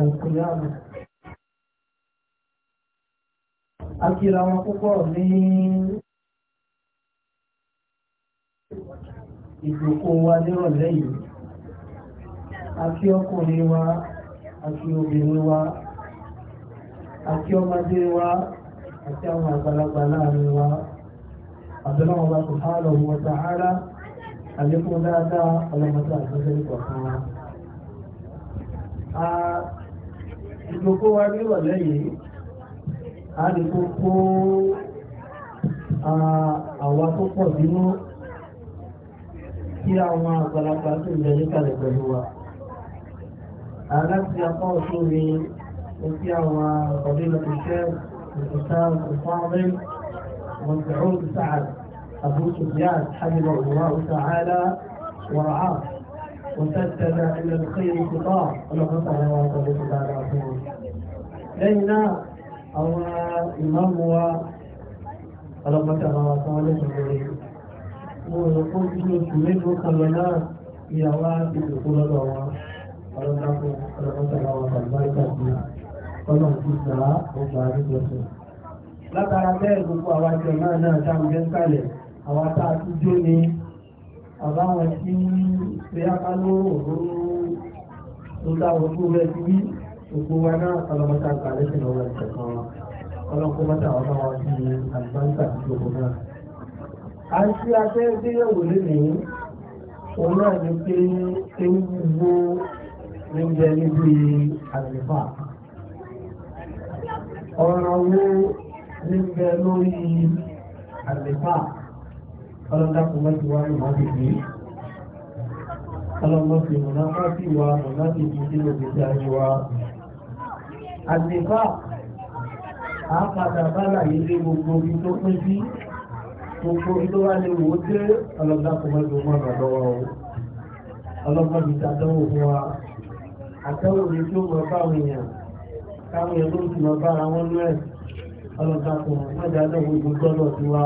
àìkúyàmù. Akíra wọn púpọ̀ ní ìdòkó wa nírọ̀lẹ́ yìí. Akí ọkùnrin wa, akí obìnrin wa, akí ọmọdé wa, àti àwọn àgbàlagbà láàrin wa. Àbẹ̀lẹ̀ wọn bá subhanahu wa ta'ala, àlékún dáadáa ọlọ́mọdé àti ọjọ́ ìgbà kan wa ìgbòkó wa ní ìrọ̀lẹ́ yìí a lè kó kó àwa tó pọ̀ nínú kí àwọn àgbàlagbà tó ń jẹ́ níkàlẹ̀ pẹ̀lú wa aláti apá ọ̀ṣọ́ mi ó kí àwọn ọ̀dẹ́ ìṣẹ́ ìṣẹ́ ìfọ́nrẹ́ wọn tẹ̀rọ ìṣàd àbúṣùgbìyàn hajjibọ̀ ìwà ìṣàhálà wọ̀rọ̀ ààrùn وسدد إلى الخير خطاه ونقطع وقد تعالى لينا أو إمام و ọlọ́pàá àwọn àwọn ọlọ́pàá mo rò pé bí oṣù mélòó kan lọ náà ìyàwó àti ìdòkú lọ́dọ̀ wa ọlọ́pàá ọlọ́pàá àwọn àgbáríkà sí ọlọ́run ti gbà á ọgbà àríjọsìn. látara bẹ́ẹ̀ gbogbo àwọn àjọ náà náà dáhùn jẹ́ ń kalẹ̀ àwọn tá a ti jó ni àbáwọn tí pẹ́yàká lóòrò tó dáwọn tó rẹ̀ sí bí òkú wa náà ọlọ́mọta àgbàlẹ́ sí lọ́wọ́ ìṣẹ̀kan wa ọlọ́kọ́mọta ọmọ wa sí àgbáńtà sí òkú náà. a ń ṣe afẹ́gbéyẹ̀wò lónìí òun náà ni pé ewu gbogbo ní níbi àgbẹ̀fà ọ̀rọ̀ wo ní bẹ lórí àgbẹ̀fà ọlọ́dàkùn mẹ́tì wá ní mọ́bìtì ọlọ́mọ́sí mọ̀náfàtì wa mọ̀náfìtì tí ó ti dáyé wa àgbẹ̀fà àpàdà bálà yìí lé gbogbo ibi tó pín sí gbogbo tó wá lè wò ó dé ọlọ́dàkùn mẹ́tì wọn rà lọ́wọ́ o ọlọ́mọ́bí tàdánwò fún wa àtẹ́wò ní tí ó mọ̀ báwọn èèyàn káwọn èèyàn ló ń tì mọ̀ bára wọn lọ́ẹ̀ ọlọ́dàkùn mẹ́tì àdánwò ìgbógbọ́lọ̀ sí wa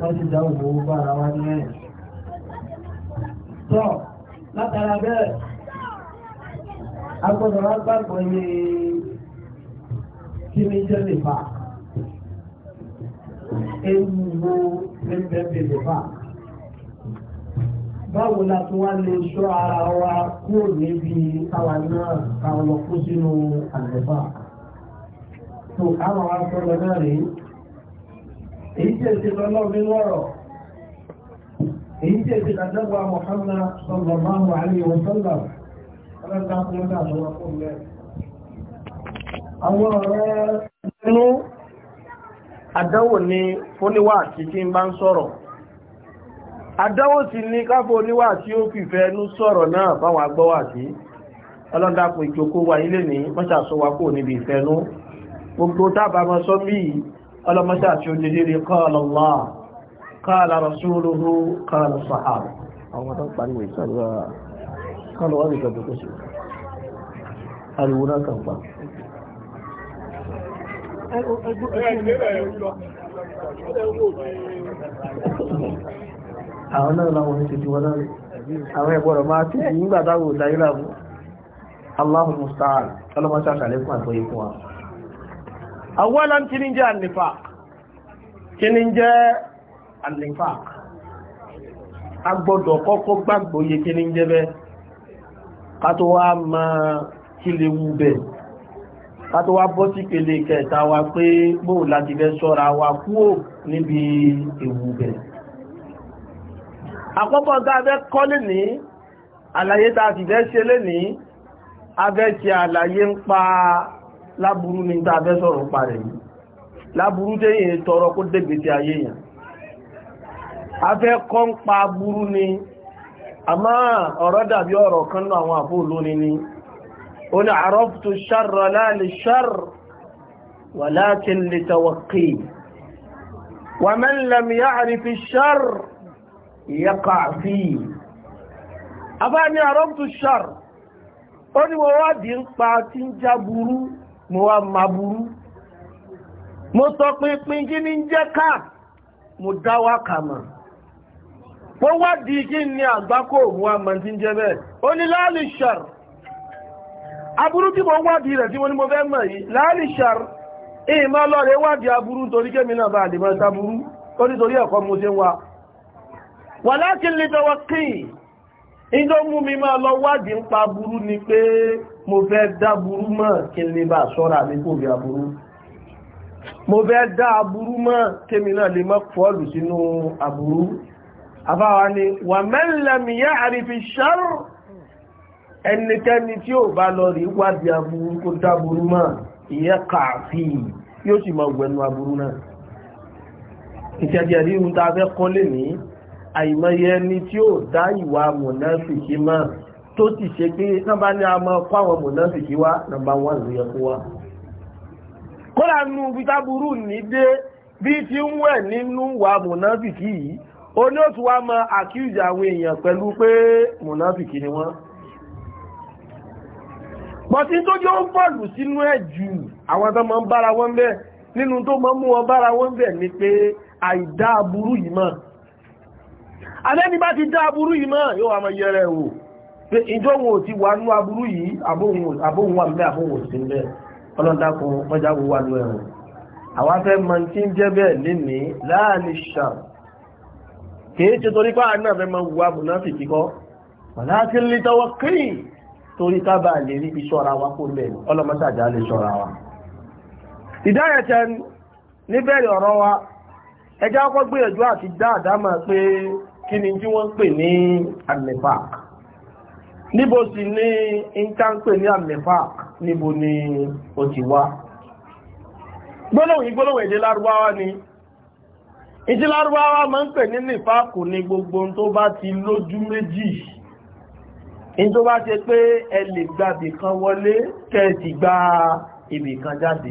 láti dá òwò bá ara wa ní ẹ̀yìn. tọ́ látara bẹ́ẹ̀ agbọ́dọ̀ wá gbàgbọ́ kí ni jẹ́ lè fà ewu wo ní bẹ́ẹ̀ lè fà báwo la tún wá lè ṣọ́ ara wa kúrò níbi káwa náà káwọn lọ kó sínú àlùfáà tó káwọn wá sọ náà rèé. èyí tí èsì lọ́lọ́ nínú èyí tí èsì lọ́dọ́gba mọ̀hánà sọ̀rọ̀ máa wà ní ìwọ̀sọ́lá ọlọ́dà àwọn ọ̀rẹ́ inú àdánwò ni fóníwà tí kí ń bá ń sọ̀rọ̀ àdánwò sì ní káfò oníwà tí ó fìfẹ́ ẹnu wa ilé ní ọlọ́mọṣẹ́ àti òjèjìrì qala Allah qala rasuluhu qala sahaba àwọn tó ń pariwo ìsàlùwà kọ́lọ̀ wọ́n nìkan tó kó sí ariwo náà kàn pa àwọn náà láwọn ní títí wọ́n náà àwọn ẹ̀gbọ́rọ̀ máa tí nígbàtàwò dáyé láàmú Allahul musta'an ọlọ́mọṣẹ́ àṣàlẹ́kùn àgbọ́yé wa awalan kí ni jẹ́ annifaq kí ni jẹ́ annifaq a gbọ́dọ̀ kọ́kọ́ gbàgbóye kí ni jẹ́ bẹ́ kátó wá máa kí lè wú bẹ́ kátó wá bọ́ sí pele kẹta wa pé bóò láti fẹ́ wa kúò níbi ewu bẹ̀ àkọ́kọ́ tá a fẹ́ kọ́ lè ní àlàyé tá a sì a fẹ́ ṣe àlàyé ń pa láburú ní tá a fẹ́ sọ̀rọ̀ parẹ̀ yìí láburú tẹ́yìn tọrọ kó dẹ̀gbẹ̀ sí ayé yàn a fẹ́ kọ́ ń pa burú ni àmá ọ̀rọ̀ dàbí ọ̀rọ̀ kan náà àwọn àfó olóni ni ó ní àrọ́fùtù ṣarra láàrin ṣar wà láti ó ní wọ́n wádìí ń pa tí ń já burú mo wá ma burú mo sọ pínpín kí ní jẹ́ ká mo dá kàmà ó wá di kí ní àgbákò òun wá tí ń jẹ́ bẹ́ẹ̀ ó ní láàlì aburú tí mo wádìí rẹ̀ tí mo ní mo fẹ́ mọ̀ yìí ìmọ̀ lọ́rẹ̀ aburú torí náà bá àdìmọ̀ ó ẹ̀kọ́ mo ṣe ń lọ ń pa burú mo fẹ́ dá burú mọ́ kí lè bá sọ́ra mi kò bí aburú mo fẹ́ dá aburú mọ́ kémi náà lè mọ́ fọ́ọ̀lù sínú aburú afáwa ni wà mẹ́lẹ̀mí yá àrífi ṣáró ẹnikẹ́ni tí ó bá lọ rí wádìí aburú kó dá burú mọ́ ìyẹn kààfì yóò sì máa wẹnu aburú náà ìṣẹ̀jẹ̀ tó sì ṣe pé nọ́mbà ní a mọ́ kọ́ àwọn mọ̀nàfìkì wá nọ́mbà wọn ló yẹ kó wá kódà nu bitaburú ní dé bí tí ń wẹ̀ nínú wa mọ̀nàfìkì yìí ó ní òtún wá mọ àkíyèsí àwọn èèyàn pẹ̀lú pé mọ̀nàfìkì ni wọ́n bọ̀tí tó jọ ń bọ̀lù sínú ẹ̀ jù àwọn tó máa ń bára wọn bẹ́ẹ̀ nínú tó máa mú wọn bára wọn bẹ́ẹ̀ ni pé àìdá aburú yìí mọ̀ àlẹ́ni bá ti dá aburú yìí mọ̀ yóò wá mọ yẹrẹ wò pé ìjọ wo ti wà nú aburú yìí àbóhun wà mẹ́ àbóhun òsì ń bẹ́ ọlọ́dàkùn mọ́já wo wà nú ẹ̀rùn àwọn afẹ́ mọ tí ń jẹ́ bẹ́ẹ̀ lénìí láàrin ṣàm kìí ṣe torí pé àánú àfẹ́ mọ wà múnáfì kíkọ́ wàlá ti ń lè tọwọ́ kírì torí kábà lè ẹjá kọ́ gbìyànjú àti dáadáa máa pé kí ni tí wọ́n pè ní àmì park níbo sì ní ìtànpè ní àmìfà níbo ni ó ti wá gbólóhùn ìgbólóhùn èdè lárúbáwá ni ìdí lárúbáwá máa ń pè ní nìfàkù ní gbogbo tó bá ti lójú méjì ní tó bá ṣe pé ẹ lè gba ibìkan wọlé kẹ́ẹ̀sì gba ibìkan jáde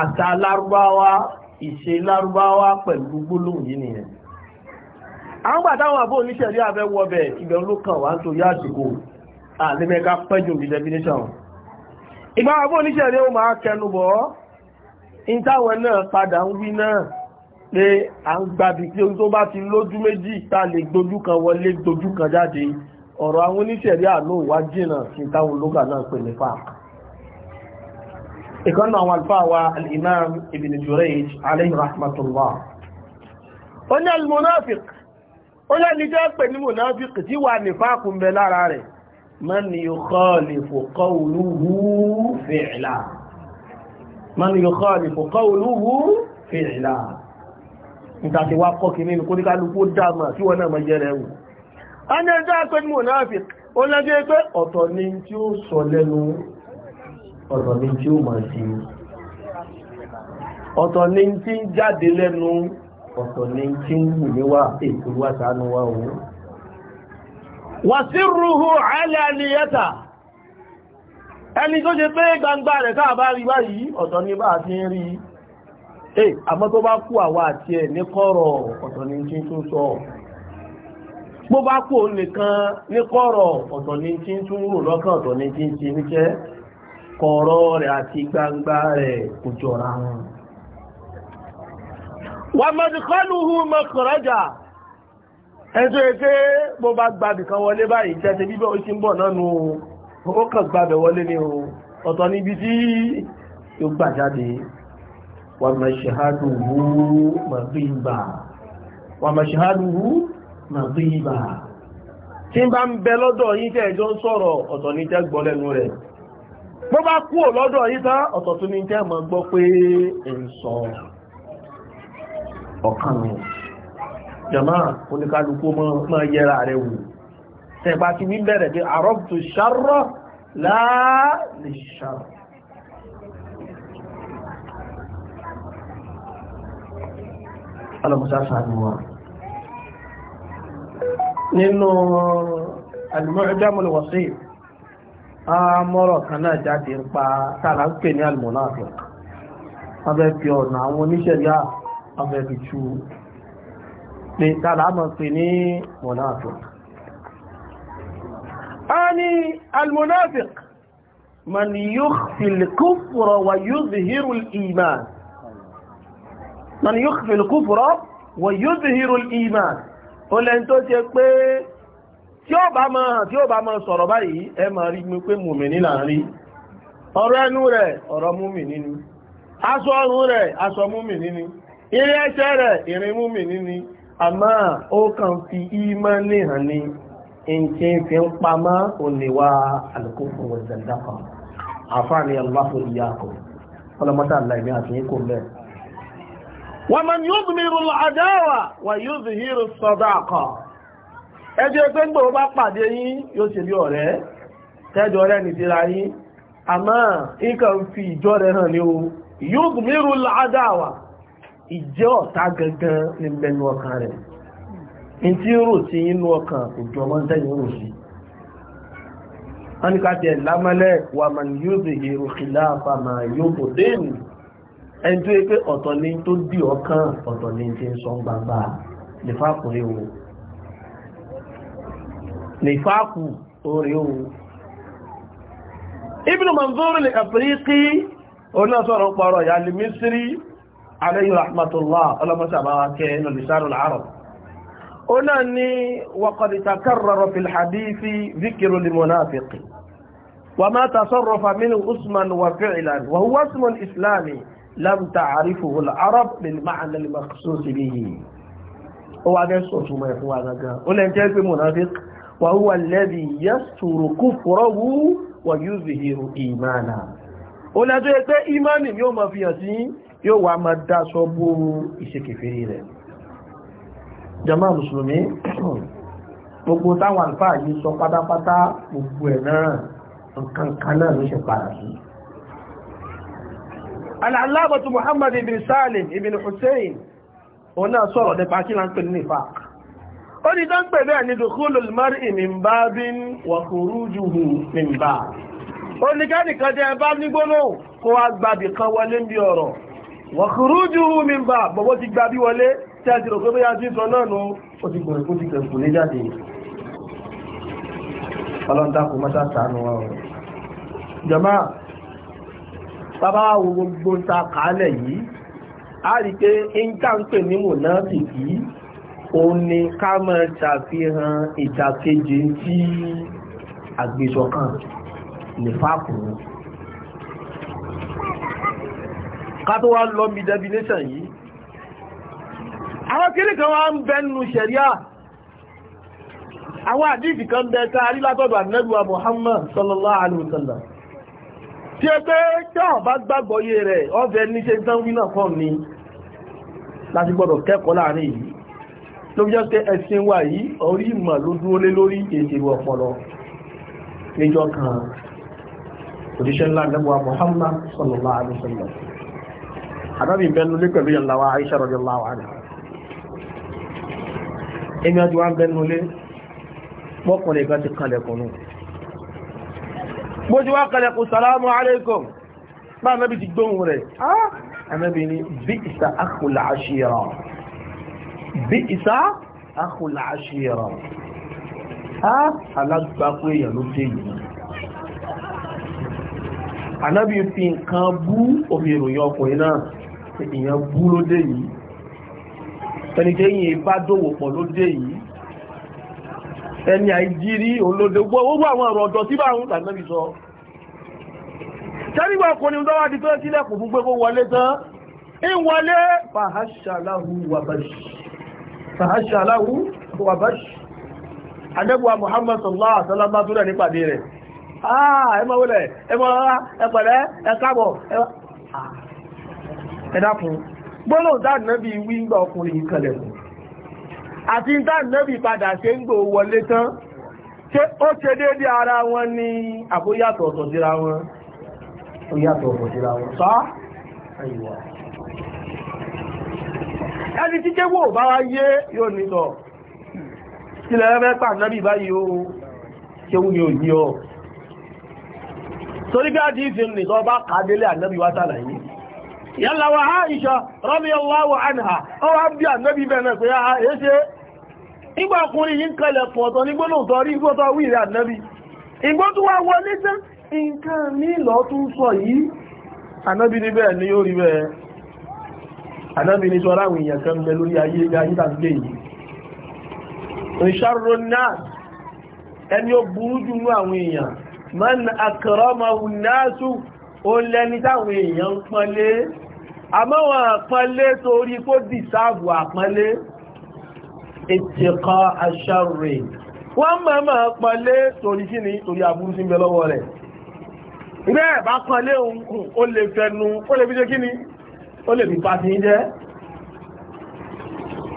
àṣà lárúbáwá ìṣe lárúbáwá pẹ̀lú gbólóhùn yìí nìyẹn àwọn gbà táwọn àbó oníṣẹ̀rí abẹ́ wọbẹ̀ ìbẹ̀rún ló kàn wá ń torí àsìkò àlẹ́mẹ́ká pẹ́jù bí definition ìgbà àbó oníṣẹ̀rí ó máa kẹnubọ̀ in táwọn náà padà ń wí náà pé à ń gbàbí pé tó bá ti lójú méjì tá lè dojú kan wọlé dojú kan jáde ọ̀rọ̀ àwọn oníṣẹ̀rí àlọ́ wá jìnà sí táwọn ológa náà pè ní fáàk ìkànnà àwọn àlfáà wa al-imam ibn Jurayj alayhi rahmatullah ó al-munafiq ó lẹ́ni jẹ́ pè ní mùnáfíkì tí wà ní fákùn bẹ lára rẹ̀ man yukhalifu qawluhu fi'la man yukhalifu qawluhu fi'la ìtàtí wá kọ́kì nínú kó ní kálukú dáma tí wọ́n náà mọ́ jẹ́ rẹ̀ wù a ní ẹjọ́ pé ní mùnáfíkì ọ̀tọ̀ ni tí ń jáde lẹ́nu ọ̀tọ̀ ni kí ń wù ní wá ètò wá sàánú wá òun wà sí rúhù alẹ́lẹ́yẹta ẹni tó ṣe pé gbangba rẹ̀ káàbá rí báyìí ọ̀tọ̀ ni bá ti ń rí ẹ̀ àmọ́ tó bá kú àwa àti ẹ̀ ní kọ́rọ̀ ọ̀tọ̀ ni kí tún sọ bó bá kú òun nìkan ní kọ́rọ̀ ọ̀tọ̀ ni kí tún rò lọ́kàn ọ̀tọ̀ ni kí ń ṣe níṣẹ́ kọ̀rọ̀ rẹ̀ àti gbangba rẹ̀ kò jọra wọn wà mọ̀dìkọ́lùhù mọ̀kọ̀rọ̀jà ẹjọ́ ẹgbẹ́ bó bá gbàbì kan wọlé báyìí jẹ́ bíbẹ̀ ó ti ń bọ̀ nánú ó kàn gbàbẹ̀ wọlé ní ọ̀tọ̀ níbi tí ó gbà jáde wà mọ̀ṣẹ́hádùhù mọ̀gbìyìnbà tí ń bá ń bẹ lọ́dọ̀ yín tẹ́ ẹjọ́ ń sọ̀rọ̀ ọ̀tọ̀ ní tẹ́ gbọ́ lẹ́nu rẹ̀ bó bá kúrò lọ́dọ̀ yín tán ọ̀tọ̀ tún ní tẹ́ mọ̀ gbọ́ pé ń ọ̀kan nù jama oníkálukú máa yẹra rẹ̀ wò tẹ̀gbà tí wí bẹ̀rẹ̀ bí àrọ́pùtù ṣarọ́ láàlè ṣarọ́ alamusa sàánú wa nínú al-Mu'jamul Wasit àmọ́rọ̀ kan náà jáde ń pa tààrà ń pè ní al-Munafiq fẹ́ ọ̀nà àwọn oníṣẹ̀lẹ̀ àà ọmọ ẹbí tú pé tààmà pè ní monafik a ní almonafik man yukhfi al-kufra wa yuzhiru al-iman man yukhfi al-kufra wa yuzhiru al-iman ó lẹ́n tó ṣe pé tí ó bá máa tí ó bá máa sọ̀rọ̀ báyìí ẹ máa rí mi pé mùmìnì láàrin ọ̀rọ̀ ẹnu rẹ̀ ọ̀rọ̀ mùmìnì ni aṣọ ọrùn rẹ̀ aṣọ mùmìnì ni eré ẹsẹ̀ rẹ̀ ìrìn múmi níní àmọ́ ó kàn fi ìmọ̀ ni ìǹkí fi ń pamọ́ òníwá àlùkò fún afọ kan àfáàní aláfo ya kọ ọlọmọdé àti yín kò wọ́n máa ní yóò dùn rún wà yóò dùn yín rún sọ́dọ̀ àkọ́. ẹjẹ́ pé gbòòrò bá pàdé yín yóò ṣe bí ọ̀rẹ́ rẹ̀ yín àmọ́ fi ìjọ rẹ̀ hàn ní ìjẹ́ ọ̀tá gangan ní mẹ́nu ọkàn rẹ̀ ní tí ó rò sí inú ọkàn kò jọ ọmọ tẹ́yìn rò sí wọ́n ní ká tiẹ̀ lámọ́lẹ̀ wà mà ní yóò dè èrò kìlá àfàmà yóò bò déènì ẹni tó yẹ pé ọ̀tọ̀ ni tó dì ọkàn ọ̀tọ̀ ni ti ń sọ gbangba nífàkùnrin o nífàkù orí o Ibn Manzur al-Afriqi oní ọ̀sọ̀rọ̀ pọ̀rọ̀ ìyá lè Misri alayhi rahmatullah ọlọ́mọsá bá wá kẹ́ inú lisanu al-arab ó náà ní wa qad takarrara fil hadithi dhikru lil munafiqi wa ma tasarrafa minhu usman wa fi'lan wa huwa ismun islami lam ta'rifuhu al-arab lil ma'na al-makhsus yóò wá máa dá sọ́bù ìṣekèfèrè rẹ̀ jama mùsùlùmí gbogbo táwọn àlùfáà yìí sọ pátápátá gbogbo ẹ̀ náà nǹkan kan náà ló ṣe padà sí alàlábàtú muhammad ibn salim ibn hussein òun náà sọ̀rọ̀ nípa kí la ń pè ní nifaq ó ní tó ń pè bẹ́ẹ̀ ni dukhulul mar'i min babin wa khurujuhu min bab ó ní kẹ́nìkan jẹ́ bá nígbónú kó wá kan wọlé ń bí ọ̀rọ̀ wọ̀kúrújù mi bá bọ̀bọ̀ ti gbà bí wọlé tí a ti rò pé bí a ti sọ náà nù ó ti gbòrò kó ti kẹ̀kù ní jáde ọlọ́ntakù mọ́ta sànù wa ọ̀ bàbá wo gbogbo ta kàálẹ̀ yìí a rí pé ìjà ń pè ní mò náà sì kí òun ni ká máa ṣàfihàn ìjà kejì tí àgbésọkàn nífàkùnrin ká tó wá lọ mi definition yìí àwọn kiri kan wá ń bẹnu ṣẹ̀ríà àwọn kan bẹ ka látọ̀dọ̀ ànẹ́gbà Muhammad sallallahu alaihi wasallam tí ó pé tẹ́wọ̀n bá gbàgbọ́ yé rẹ̀ ọ́fẹ́ ní ṣe tán wínà kan ní láti gbọ́dọ̀ kẹ́kọ̀ọ́ láàrin yìí ló ma lo wa yìí orí àdábì bẹnu lé pẹ̀lú ìyànláwà Aisha radiyallahu anha èmi àti wá ń bẹnu lé mọ́kànlẹ̀ ìgbà ti kalẹ̀kùn nù bójú wá kalẹ̀kùn salamu alaikum bá anábì ti gbóhùn rẹ̀ anábì ni bí ìsà akhul ashira bí ìsà akhul ashira alágbàkú èèyàn ló dé yìí anábì fi nǹkan bú omi ìròyìn ọkùnrin náà pé èèyàn bú ló dé yìí ẹni tí èyàn bá dòwò pọ̀ ló dé yìí ẹni àìjírí olóde gbogbo àwọn ọ̀rọ̀ ọ̀dọ̀ tí bá ń tàbí lọ́bí sọ tẹ́lígbà kò ní lọ́wọ́ di pé sílẹ̀kùn fún gbogbo wọlé tán ń wọlé fàhásàláhù wàbáṣì adẹ́gbà Muhammad sallallahu alaihi wasallam tó rẹ̀ nípàdé rẹ̀ ah ẹmọ wọlé ẹmọ ẹpẹ̀lẹ́ ẹkábọ̀ ẹwà ẹ̀dàkùn gbọ́nà dáàdínábì wí ń gbà ọkùnrin yìí kalẹ̀kùn àti dáàdínábì padà ṣe ń gbò wọlé tán ṣé ó ṣe déédé ara wọn ní àbóyàtọ̀ ọ̀tọ̀ síra wọn ó yàtọ̀ ọ̀tọ̀ síra wọn sá àyíwá ẹni tí kéwò bá wá yé yóò nìtọ̀ sílẹ̀ ẹgbẹ́ pàdánàbì báyìí ó kéwù ni ò yí ọ torí bí àdìsí nìtọ̀ bá kàdélé àdánàbì wá sàlàyé yálà wa Aisha radiyallahu anha ó wá bí ànábì bẹ̀rẹ̀ pé a èé ṣe nígbà ọkùnrin yìí ń kalẹ̀ pọ̀tọ̀ ní gbónà tọ́ rí gbótọ́ wí rẹ̀ ànábì ìgbó tó wá wọlé tán nǹkan ní lọ tún sọ yìí ànábì ní bẹ́ẹ̀ ni yóò rí bẹ́ẹ̀ ànábì ní sọ́rọ̀ àwọn èèyàn kan bẹ lórí ayé ayé tàbí yìí ìṣàrò náà ẹni ó burú jù ní àwọn èèyàn man akramahu nasu ó lẹ́ni táwọn èèyàn ń pọ́nlé àmọ́ wọn àpọ́nlé torí kó dìsáàbù àpọ́nlé ìtìkọ́ aṣọ́rẹ̀ wọ́n mọ̀mọ̀ pọ́nlé torí kí ni torí aburú sí ń bẹ lọ́wọ́ rẹ̀ ilé ẹ̀bá pọ́nlé ó lè fẹnu ó lè fi jẹ́ kí ni ó lè fi pàtí jẹ́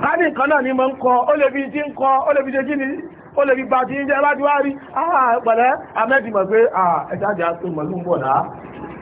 káàdì kan náà ni mọ́ ń kọ ó lè fi jí ń kọ ó lè fi jẹ́ kí ó lè fi pàtí jẹ́ láti wá àpẹẹrẹ ah, amẹ́dìmọ̀ pé ah, ẹ̀ṣájà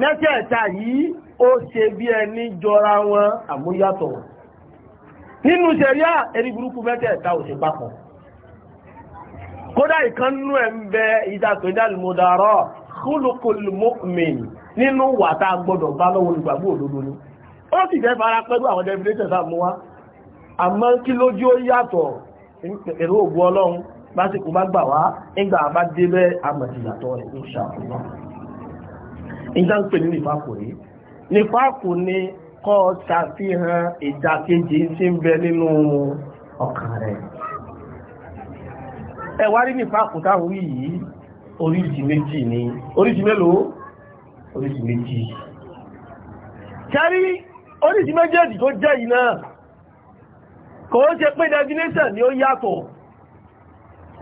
mẹ́tẹ̀ẹ̀ta yìí ó ṣe bí ẹni jọra wọn àmúyàtọ̀ nínú ṣẹ̀ríà ẹni burúkú mẹ́tẹ̀ẹ̀ta ò ṣe papọ̀ kódà ìkannú ẹ̀ ń bẹ ìdàpẹ̀dàlùmọ̀dàrọ̀ kúlùkùlùmọ́mìn nínú wàtá gbọ́dọ̀ bá lọ́wọ́ olùgbàgbọ́ òdodo ni ó sì fẹ́ fara pẹ̀lú àwọn definition sáà mú wá àmọ́ kí lójú ó yàtọ̀ èrò ògbó ọlọ́run básìkò bá gbà wá nígbà bá débẹ̀ àmọ̀ ìyàtọ̀ rẹ̀ ó ṣàkóso ìdáǹpẹ̀ ní nìfàkù rí nìfàkù ni kọ́ ṣàfihàn ìdàkejì tí ń bẹ nínú ọkàn rẹ̀ ẹwà rí nìfàkù táwọn yìí oríṣi méjì ni oríṣi mélòó oríṣi méjì kẹrí oríṣi méjèèjì tó jẹ́ yìí náà kò ó ṣe pé definition ni ó yàtọ̀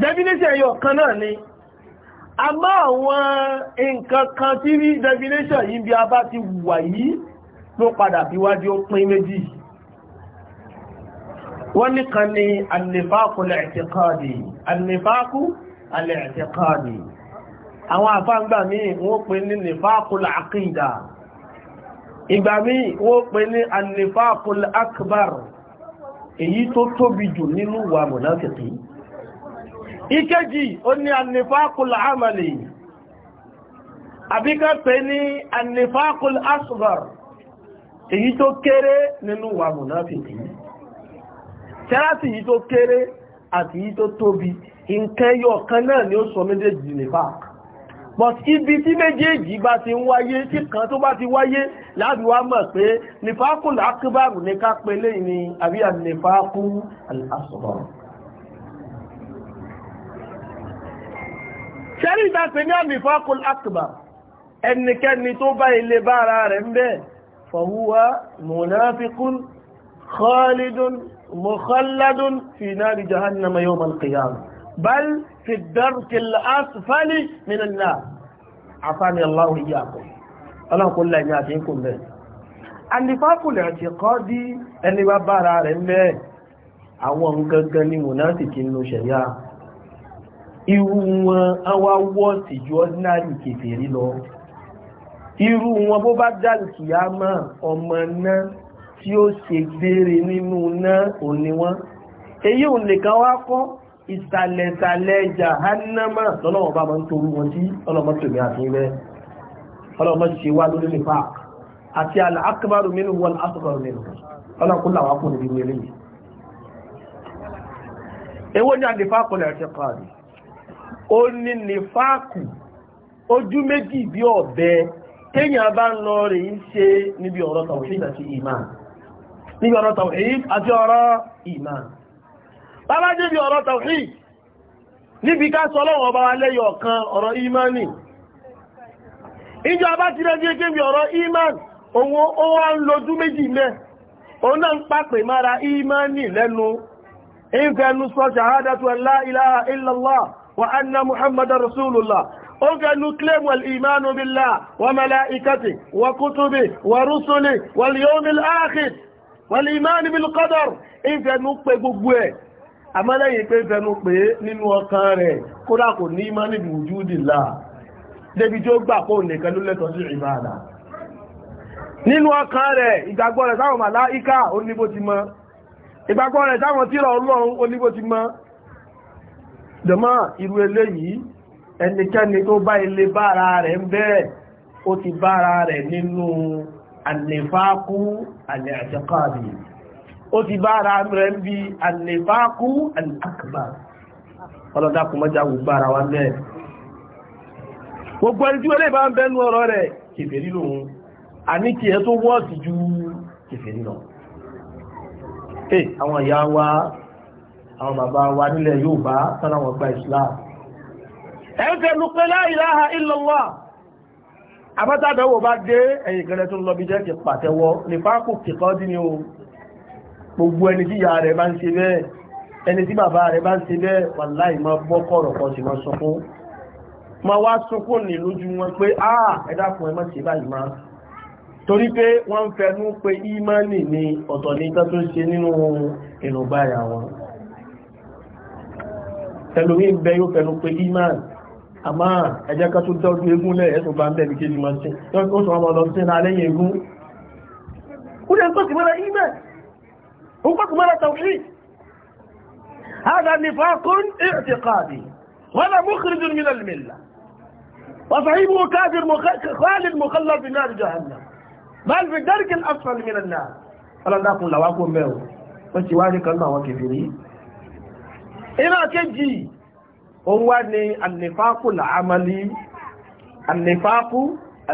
definition yìí ọ̀kan náà ni a má àwọn nǹkan kan tí rí definition yìí bí a bá ti wà yìí ló padà bí wájú ó pín méjì wọ́n ní kan ní al-nifaqu al-i'tiqadi al àwọn àfáǹgbà míì wọ́n pè ní nifaqu al ìgbà míì wọ́n pè ní al akbar èyí tó tóbi jù nínú wa mùnáfíkí ìkejì ó ní annifakul amali àbíká pé ní annifakul asghar èyí tó kéré nínú wà mùnáfìkì tẹ́láti yìí tó kéré àti yìí tó tóbi nǹkan ẹyọ kan náà ni ó sọ méjèèjì nifak but ibi tí méjèèjì bá ti ń wáyé tí kan tó bá ti wáyé láti wá mọ̀ pé nìfàákù lákíbàrù ní ká pẹ́lẹ́ ní àbí ànìfàákù al ṣẹ́rí ìdápe ní àmì fákùl akbar ẹnikẹ́ni tó bá ilé bára rẹ̀ ń bẹ́ fọ̀húwá mùnáfikún khalidun mukhalladun fi nari jahannama yawmal qiyamah bal fi darkil asfali minan nar afani allah iyyakum Allah kò la nya tin kun be ani fákùl i'tiqadi ẹni bá bára rẹ̀ ń bẹ́ àwọn gangan ni munafiki nu sharia irú wọn àwa wọ́ọ̀sì ju ordinary kèfèrí lọ irú wọn bó bá dàlù kìá mọ́ ọmọ náà tí ó ṣe gbére nínú náà òní wọn èyí ò nìkan wá kọ́ ìsàlẹ̀sàlẹ̀ jahannama lọ́lọ́wọ́ bá máa ń torú wọn tí ọlọ́mọ tòmí àti ilẹ̀ ọlọ́mọ ṣe wá lórí ní park àti àlà akọbárò mínú wọn asọ̀rọ̀ mínú ọlọ́kùn làwọn kò níbi wẹ̀rẹ̀ yìí. èwo ni àdìfá kọlẹ̀ ẹ̀ṣẹ̀ pààdé ó ní nífàákù ojú méjì bí ọ̀bẹ téèyàn bá ń lọ rè ń ṣe níbi ọ̀rọ̀ tawhid àti iman níbi ọ̀rọ̀ tawhid àti ọ̀rọ̀ iman bàbá débi ọ̀rọ̀ tawhid níbi ká sọ lọ́wọ́ ọba kan ọ̀rọ̀ imani ìjọ abá ti rẹ́ díẹ̀ kébi ọ̀rọ̀ imani òun ó wá ń lojú méjì mẹ́ òun náà imani lẹ́nu ìfẹ́nu sọ la ila illallah وأن محمد رسول الله أوكا نكلم والإيمان بالله وملائكته وكتبه ورسله واليوم الآخر والإيمان بالقدر إذا نكبه بقوة àmọ́ lẹ́yìn pé fẹnu pé nínú ọkàn rẹ̀ kódà kò ní ìmá níbi wùjúdìlá débi tí ó gbà kó nìkan ló lẹ́tọ̀ sí ìbáàdà nínú ọkàn rẹ̀ ìgbàgbọ́ rẹ̀ sáwọn màláíkà oníbó ti mọ́ ìgbàgbọ́ rẹ̀ sáwọn tírà Ọlọ́run oníbó ti mọ́ jọmọ́ irú eléyìí ẹnikẹ́ni tó bá ilé bára rẹ̀ ń bẹ́ẹ̀ ó ti bára rẹ̀ nínú àlèfáàkú àlèàjẹ́kọ́àbì ó ti bára rẹ̀ ń bí àlèfáàkú àlèàkàbà ọlọ́dàkùn mọ́já gbogbo ara wa bẹ́ẹ̀ gbogbo ẹni tí wọ́n lè bá ń bẹ́nu ọ̀rọ̀ rẹ̀ kèfèrí lòun àní kí ẹ tó wọ́ọ̀sì ju kèfèrí lọ àwọn bàbá wa nílẹ̀ Yorùbá tánà wọn gba Islam ẹ̀ẹ́dẹ̀ ló pé la ilaha illallah abátàdánwò bá dé ẹ̀yìn gẹ̀rẹ́ tó lọ bí jẹ́ kí pàtẹ́wọ́ lè fákù kìkọ́ dín ní o gbogbo ẹni tí ìyá rẹ̀ bá ń ṣe bẹ́ẹ̀ ẹni tí bàbá rẹ̀ bá ń ṣe bẹ́ẹ̀ wàláì máa bọ́ kọ̀rọ̀ kan sì máa sunkún máa wá sunkún ní lójú wọn pé a ẹ dákun ẹ má ṣe báyìí má torí pé wọ́n ń fẹnu pé ímánì ni ọ̀tọ̀ ní tó ń ṣe nínú èròǹgbà àwọn tẹlomi ń bẹ yóò fẹnu pé imán àmọ́ ẹjẹ́ ká tó tọ́jú eégún lẹ̀ ẹ̀sùn bá ń bẹ̀ ní kéjì máa ń sìn tó ń sọ ọmọ lọ sí náà lẹ́yìn eégún ó lè pàtì mọ́ra imán ó pàtì mọ́ra tawhid hada nifaqun i'tiqadi wala mukhrijun min al-millah وصاحبه كافر خالد مخلد في نار جهنم بل في الدرك الأسفل من النار فلا نقول لواكم به وسواني كنا وكفرين iná kéjì òun wá ní ànífàákù làámàlì ànífàákù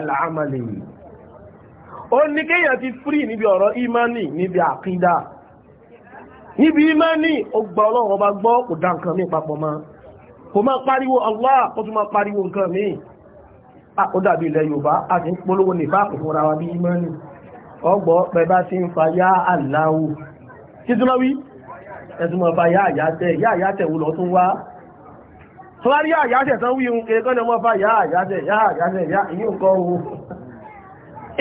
làámàlì ó ní kéèyàn ti fírì níbi ọ̀rọ̀ ìmánì níbi àkídà níbi ìmánì ó gba ọlọ́run ọba gbọ́ kò dá nǹkan mí papọ̀ mọ́ kò máa pariwo Allah kó tún máa pariwo nǹkan mí ó dàbí ilẹ̀ Yorùbá a ti ń polówó nífàákù fúnra wa bí ìmánì ọgbọ́ pẹ̀ bá ti ń fa yá àláwò títúnlọ́wí ẹ̀tùmọ̀ fa yá àyáṣẹ́ yá àyáṣẹ́ wù lọ tún wá sọ́wárí yá àyáṣẹ́ tán wí ohun kẹ́kọ́ ni wọ́n fa yá àyáṣẹ́ yá àyáṣẹ́ yá ìyí nǹkan ohun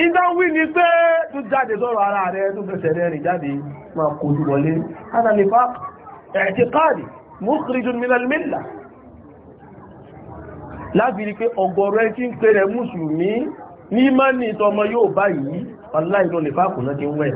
ìdá wí ni pé tó jáde sọ́rọ̀ ara rẹ̀ tó fẹsẹ̀ rẹ̀ rìn jáde máa kò jù wọlé hátàlífà ẹ̀ẹ̀tìkáàdì mukhrijun minal millah láti rí pé ọ̀gọ̀rọ̀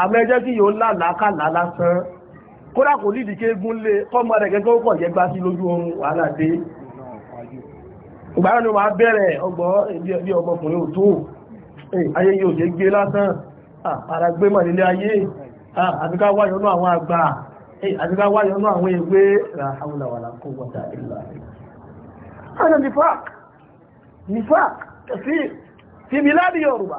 àmọ́ ẹjẹ́ kí yóò lálàákàlà lásán kódà kò nídìí ké gúnlé kọ́mọ rẹ̀ gẹ́gẹ́ ó kọ̀ jẹ́ gbá sí lójú oorun wàhálà dé ìgbàrá ni wàá bẹ̀rẹ̀ ọgbọ́ ibi ọmọkùnrin ò tó ayé yóò jẹ́ gbé lásán ara gbé mọ̀ nílé ayé àbíká wáyọnú àwọn àgbà àbíká wáyọnú àwọn ewé ra haúlàwàlà kó wọ́ta ìlà ana nifak nifak fi biladi Yorùbá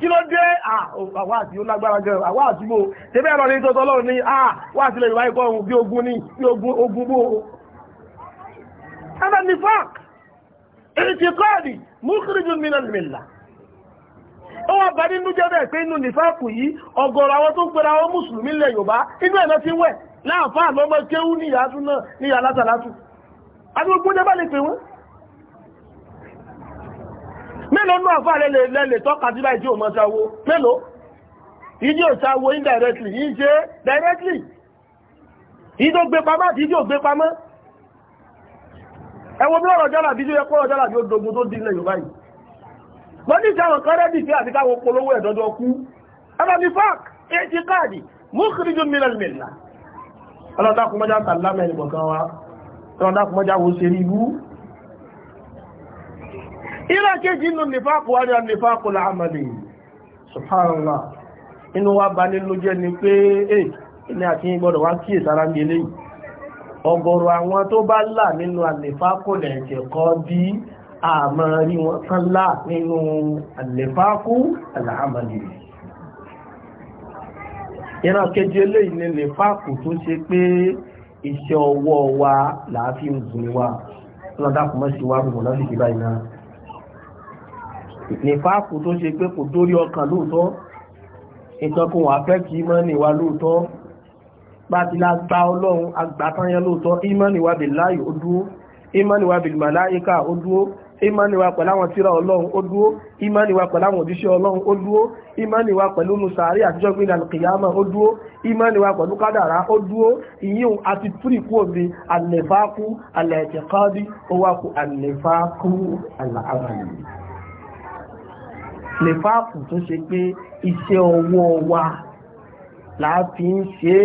kí ló dé àwa àti olágbára gan àwa àti mo tẹ́bẹ́ ẹ̀rọ ní tọ́tọ́ lọ́rùn ní àwa àti lè wáyé kọ́rùn bí ogun ní bí ogun ogun bó ẹ̀rọ ní fák èyí ti kọ́ọ̀dì mú kiri ju mílíọ̀nù mìlá ó wà bá nínú jẹ́ bẹ́ẹ̀ pé inú nìfáàkù yìí ọ̀gọ̀rọ̀ àwọn tó ń pera wọn mùsùlùmí ilẹ̀ yorùbá inú ẹ̀ ti wẹ̀ láàfáà lọ́mọ kéwú níyàá tún mélòó ní àfà lẹ́lẹ̀ lẹ́lẹ̀ tọ́ka sí báyìí tí ò mọ́ sáwó mélòó ìdí ò sáwó indirectly yìí ṣe directly ìdí ò gbé pamọ́ àti ìdí ò gbé pamọ́ ẹwọ bí ọ̀rọ̀ jálàbí tó yẹ kọ́rọ̀ jálàbí ó dogun tó dín lẹ́yìn báyìí wọ́n ní ìjáwọn kan rẹ́dì sí àti káwọn polówó ẹ̀dọ́dọ́ kú ẹbàbí fák èjì káàdì múkìrìjú mílẹ̀mìlá ọlọ́dákùnmọ́já tàlámẹ́ ẹnìkọ̀kan wa ọlọ́dákùnmọ́já wo ṣe rí ibú ìlà kéjì inú nìfàkù wá ní nìfàkù láàmàlì subhanallah inú wa bá nínú jẹ́ ni pé ẹ̀ eh, ilé àti gbọ́dọ̀ wá kí ìsára ní ilé ọ̀gọ̀rọ̀ àwọn tó bá là nínú àlèfàkù lẹ̀ẹ̀kẹ̀ kọ́ bí àmọ́ rí wọn kan là nínú àlèfàkù láàmàlì ìlà kéjì ilé ní nìfàkù tó ṣe pé iṣẹ́ ọwọ́ wa làá fi wa lọ́dá kùmọ́ sí wa gùn lọ́dí ìbáyìí náà nífàákù tó ṣe pé kò dórí ọkàn lóòótọ́ ìtọ́kùn àfẹ́ kí ìmánì wa lóòótọ́ pàtí ọlọ́run agbàtányẹ lóòótọ́ ìmánì wa billahi ó dúró ìmánì wa bil malaika ó dúró ìmánì wa pẹ̀lú àwọn tírà ọlọ́run ó dúró ìmánì wa pẹ̀lú àwọn òjíṣẹ́ ọlọ́run ó dúró ìmánì wa pẹ̀lú nùsàárì àtijọ́ gbé ìlànà kìyàmà ó dúró ìmánì wa pẹ̀lú kádàrá ó dúró ìyíhun àti túrìkú òbí àlẹ́fàákú àlẹ́ẹ̀tẹ̀kọ́dí ó wá kú àlẹ́fàákú àlàáfàá nìfàákù tó ṣe pé iṣẹ́ ọwọ́ wa la fi ń ṣe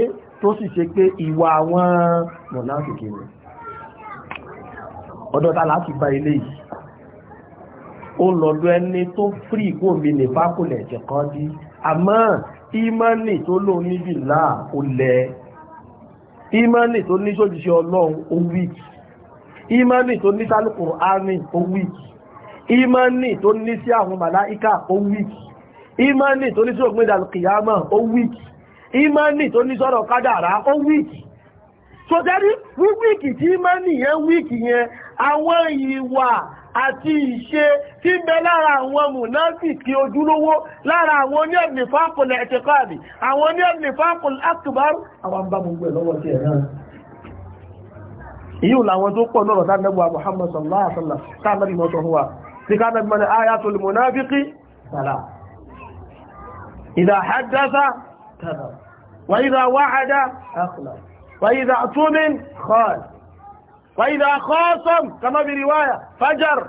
tó sì ṣe pé ìwà àwọn mọ̀láṣìkì rẹ̀ ọdọ́ta láti bá ilé yìí ó lọ́dọ̀ ẹni tó frí ìgbòmí nìfàákù lẹ̀jẹ̀ kan dí àmọ́ ìmọ́nì tó lò níbi láà ó lẹ ìmọ́nì tó ní sójúṣe ọlọ́run ó wíìkì ìmọ́nì tó ní sálùkùrù ámì ó wíìkì imani tó ní sí àwọn màláíkà ó wíkì imani tó ní sí òpin ìdàlùkìyàmọ̀ ó wíkì imani tó ní sọ́rọ̀ kádàrá ó wíkì so tẹ́rí wíkì tí imani yẹn wíkì yẹn àwọn ìwà àti ìṣe tí bẹ lára àwọn mùnáfìkì ojúlówó lára àwọn ní ẹ̀mì ẹ̀tẹ̀kọ́àbì àwọn ní ẹ̀mì àwọn bá gbogbo ẹ̀ lọ́wọ́ sí náà ìyíò làwọn tó pọ̀ lọ́rọ̀ tí ká nàbí mana ayatul إذا sala ìdá haddasa tàbí wa ìdá wa'ada akhlaf wa ìdá tumin khal wa ìdá khasam kama bí riwaya fajar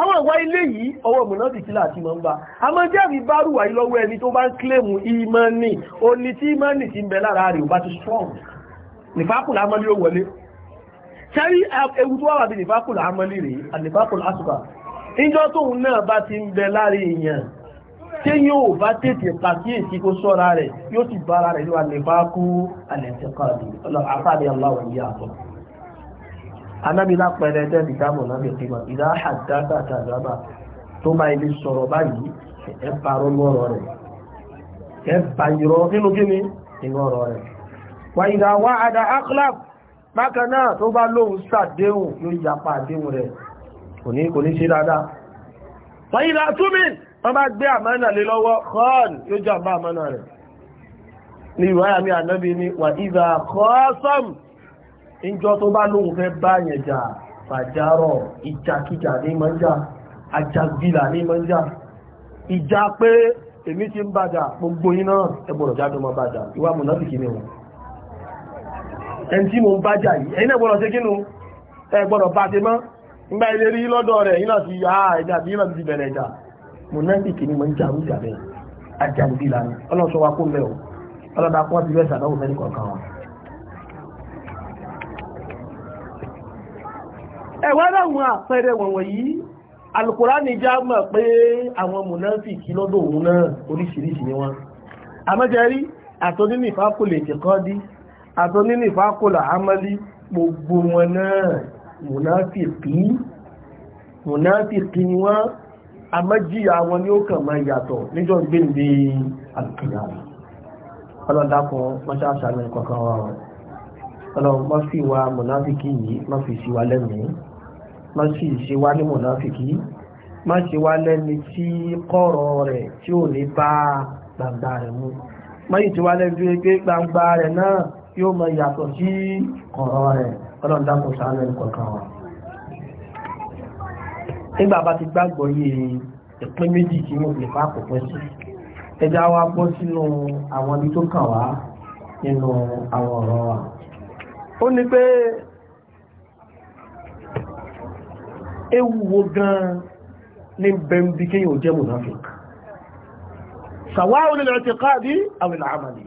àwọn ìwà ilé yìí ọwọ́ mùnáfìkí láti mọ́ ń bá a mọ́ jẹ́ rí bárùwà ìlọ́wọ́ ẹni tó bá ń kílèmù ìmánì o ní tí ìmánì ti ń bẹ lára rẹ̀ bá ti strong nìfàkùnlá mọ́lé ó wọlé sẹ́rí ewu tó wà bí nìfàkùlù amọ́lì rèé ànìfàkùlù àsùbà ìjọ tóun náà bá ti ń bẹ láàrin èèyàn tí yóò bá tètè pàkíyèsí kó sọ́ra rẹ̀ yóò sì bá rẹ̀ ní ànìfàkù ànìfàkù àfàdé aláwọ̀ yìí àtọ̀. anábìlá pẹrẹ tẹ́lẹ̀ dámọ̀ lábẹ́ na ìdá àdáta tó máa ilé sọ̀rọ̀ báyìí ẹ̀ parọ́ lọ́rọ̀ rẹ̀ ẹ̀ bàyìrọ̀ nínú kíni rẹ̀ wàyìdá bákan náà tó bá lóhun sàdéhùn yóò yapa àdéhùn rẹ̀ kò ní kò ní ṣe dáadáa wọ́n yìí látúmí wọ́n bá gbé àmánà lé lọ́wọ́ kọ́ọ̀n yóò jàmbá àmánà rẹ̀ ní ìwáyà mi ànábi ni wà ìzà kọ́ọ̀sọ́m ìjọ tó bá lóhun fẹ́ bá yẹn jà fàjárọ̀ ìjàkíjà ní mọ́jà àjàgbìlà ní mọ́jà ìjà pé èmi ti ń bàjà gbogbo yín náà jáde mọ́ bàjà ìwà mùnàfìkì ni wọn ẹni tí mo ń bá jà yìí ẹ̀yin náà gbọ́dọ̀ ṣe kínú ẹ gbọ́dọ̀ bá ṣe mọ́ nígbà ilé rí lọ́dọ̀ rẹ̀ iná ti yá ẹ̀dá àbí iná ti bẹ̀rẹ̀ ẹ̀dá mo náà sì kìíní mo ń jarú ìjà bẹ́ẹ̀ ajalu bí lanu ọlọ́sọ wa kó mẹ́ o ọlọ́dà kó ti bẹ́ẹ̀ sàdáwò mẹ́rin kọ̀ọ̀kan wa. ẹ̀wọ́n láwọn pé àwọn mùnáfìkì lọ́dọ̀ òun náà oríṣiríṣi ni wọ́n àmọ́jẹ́rí àtọ́nínú ìfàkùlẹ̀ ìtẹ̀kọ́ dí àtọ́nínì fákòlà amálí gbogbo wọn náà mùnáfìkì mùnáfìkì ni wọ́n amájíyà wọn ni ó kàn máa yàtọ̀ níjọ́ gbéǹde àkìyà ọlọ́dàkùn mọ́ṣáṣá ní kọ̀ọ̀kan wa ọlọ́run má fi wa mùnáfìkì yìí má wa lẹ́mìí má sì ṣe wá ní mùnáfìkì má ṣe wá lẹ́ni tí kọ̀rọ̀ rẹ̀ tí ò ní bá gbàgbà rẹ̀ mu má yìí ti wá lẹ́ni tó yẹ pé gbàgbà rẹ̀ náà yóò mọ ìyàtọ̀ sí ọ̀rọ̀ rẹ̀ ọlọ́run dákùn sáánà ìkọ̀ọ̀kan wa nígbà bá ti gbàgbọ́ yìí ìpín méjì tí mo lè fa àkọ́kọ́ sí ẹja wa bọ́ sínú àwọn ibi tó kàn wá nínú àwọn ọ̀rọ̀ wa ó ní pé ewu wo gan-an ní bẹ́m̀bí kí yóò jẹ́ munafik sàwáwọn ilẹ̀ ti káàdì àwọn ìlàmàlì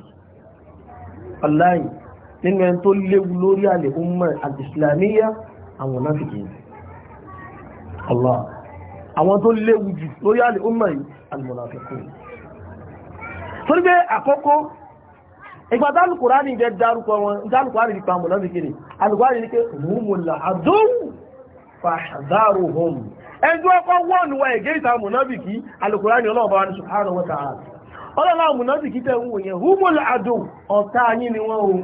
aláì nínú ẹni tó léwu lórí àlèhùnmọ́ àtìsìlámíyà àwọn Allah àwọn tó léwu jù lórí àlèhùnmọ́ yìí àlùmọ̀nàfìkì torí pé àkọ́kọ́ ìgbà dálùkùránì jẹ́ dárúkọ wọn amunafiki ní pé mùmùlà àdóhùn fàṣàdárò wa ní subhanahu ọ̀tá ni wọ́n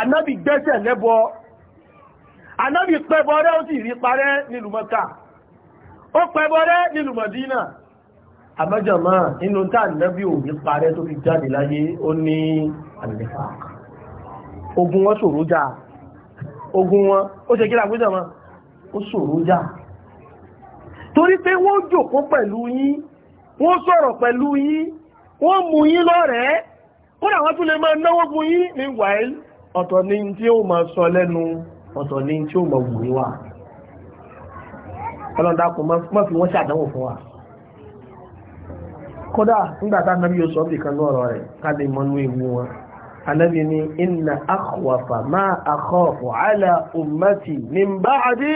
anábì gbẹ́sẹ̀ lẹ́bọ anábì pẹ́bọrẹ́ ó sì rí parẹ́ nílùú Mọ́kà ó pẹ́bọrẹ́ nílùú Mọ̀dínà àbájọ̀mọ́ inú tá anábì ò ní parẹ́ tó fi jáde láyé ó ní àlẹ́fà ogun wọn ṣòro jà ogun wọn ó ṣe kí làgbéjọ̀mọ́ ó ṣòro jà torí pé wọ́n jòkó sọ̀rọ̀ pẹ̀lú yín wọ́n mú yín lọ́rẹ̀ẹ́ kódà wọ́n tún lè máa náwó fún yín ní wàílì ọ̀tọ̀ ní tí ó máa sọ lẹ́nu ọ̀tọ̀ ní tí ó máa wù ní wà ọlọ́dàkùn má fi wọ́n ṣàdánwò fún wa kódà nígbà tá nàbí yóò sọ bí kan lọ́rọ̀ rẹ̀ káde mọ́nú ewu wọn anábì ní inna akhwafa ma akhafu ala ummati min ba'di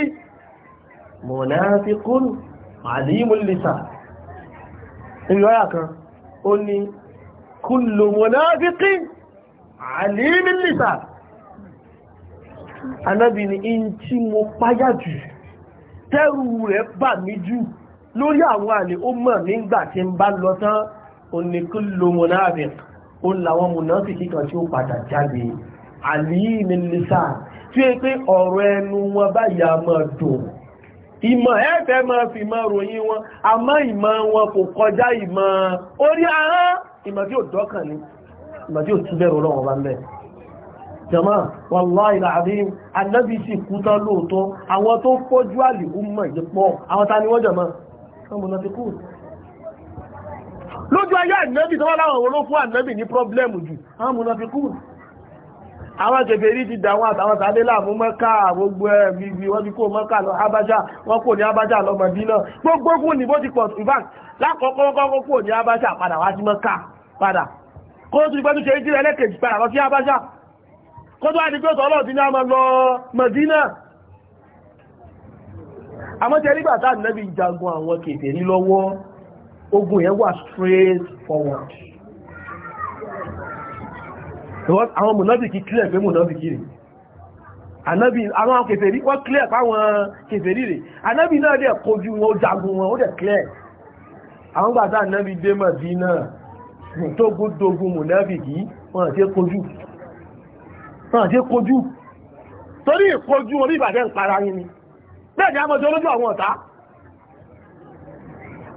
munafiqun alimul lisan níbi ọ̀yà kan ó ní kullu munafiqin alimul lisan anábì ni in tí mo páyà jù tẹ́rù rẹ̀ bà mí jù lórí àwọn àlè ó mọ̀ nígbà tí ń bá lọ tán oníkún lo monavik ó làwọn monavik kan tí ó padà jáde àlìyí ni lisa tí ó pé ọ̀rọ̀ ẹnu wọn báyìí a máa dùn ìmọ̀ ẹ̀fẹ́ máa fi máa ròyìn wọn àmọ́ ìmọ̀ wọn kò kọjá ìmọ̀ orí ahọ́n ìmọ̀ tí ó dọ́kàn ni ìmọ̀ tí ó túbẹ̀rù ọlọ́wọ́ bá ń bẹ̀rẹ̀ jọmọ́ wallahi alazim anábì sì kú tán lóòótọ́ àwọn tó fọ́jú àlè ó mọ̀ yìí pọ̀ àwọn ta ni wọ́n jọmọ́ ọmọ náà ti kú lójú ayé ànábì tó wá láwọn òun ló fún ànábì ní pọ́blẹ́mù jù àwọn ọmọ náà ti kú àwọn kèfèrí ti dà wọn àtàwọn tàbí láàmú mọ́ká gbogbo ẹ̀ bíbí wọ́n ti kó mọ́ká lọ abájá wọ́n kò ní abájá lọ Mádínà gbogbo kún ní bó ti pọ̀ sí bank lákọ̀ọ́kọ́ kọ́kọ́ kò ní abájá padà wá sí mọ́ká padà kó tó ti pẹ́ tó ṣe ìdílé ẹlẹ́kẹ̀ẹ́jì padà lọ sí abájá kó tó wá di pé tọ́lọ̀ ti ní àmà lọ Mẹdínà àmọ́ tẹ nígbà tá ànábì jagun àwọn kèfèrí lọ́wọ́ ogun yẹn wà straight forward àwọn mùnábìkì clear pé mùnábìkì rèé ànábì àwọn kèfèrí wọ́n clear fáwọn kèfèrí rẹ̀ ànábì náà dẹ̀ kojú wọn ó jagun wọn ó dẹ̀ clear àwọn gbàtà ànábì dé Mẹdínà tó gúdógún mùnábì yìí wọ́n àti kojú hàn ṣe kojú torí ìkojú orí ìbàjẹ́ ń para yín ni bẹ́ẹ̀ ni a mọ́jọ lójú àwọn ọ̀tá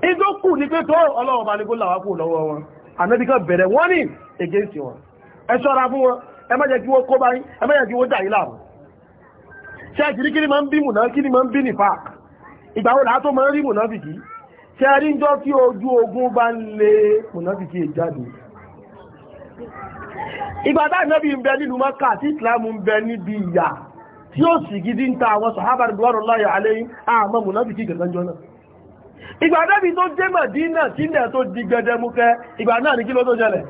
ìjọ kù ní pé tó ọlọ́wọ́ bá ní kó làwá kù lọ́wọ́ wọn àmẹ́ríkà bẹ̀rẹ̀ wọ́n ní against wọn ẹ ṣọ́ra fún wọn ẹ má jẹ́ kí wọ́n kó bá yín ẹ má jẹ́ kí wọ́n dà yín láàmú ṣe kìrí kí ni máa ń bí mùnà kí ni máa ń bí nìfà ìgbà wo làá tó máa ń rí mùnà fìkì ṣe rí ń jọ tí ojú ogun bá ń lé ìgbà tá ìnábi ń bẹ nínú mọ́kà tí ìsìlámù ń bẹ níbi ìyà tí ó sì gidi ń ta àwọn sàhábà rẹ̀ láyà alẹ́ àmọ́ mùnáfíkì gẹ̀gẹ́ jọ náà ìgbà náàbí tó jẹ́ mọ̀dínà sílẹ̀ tó di gẹdẹmukẹ ìgbà náà ní kí ló tó jẹlẹ̀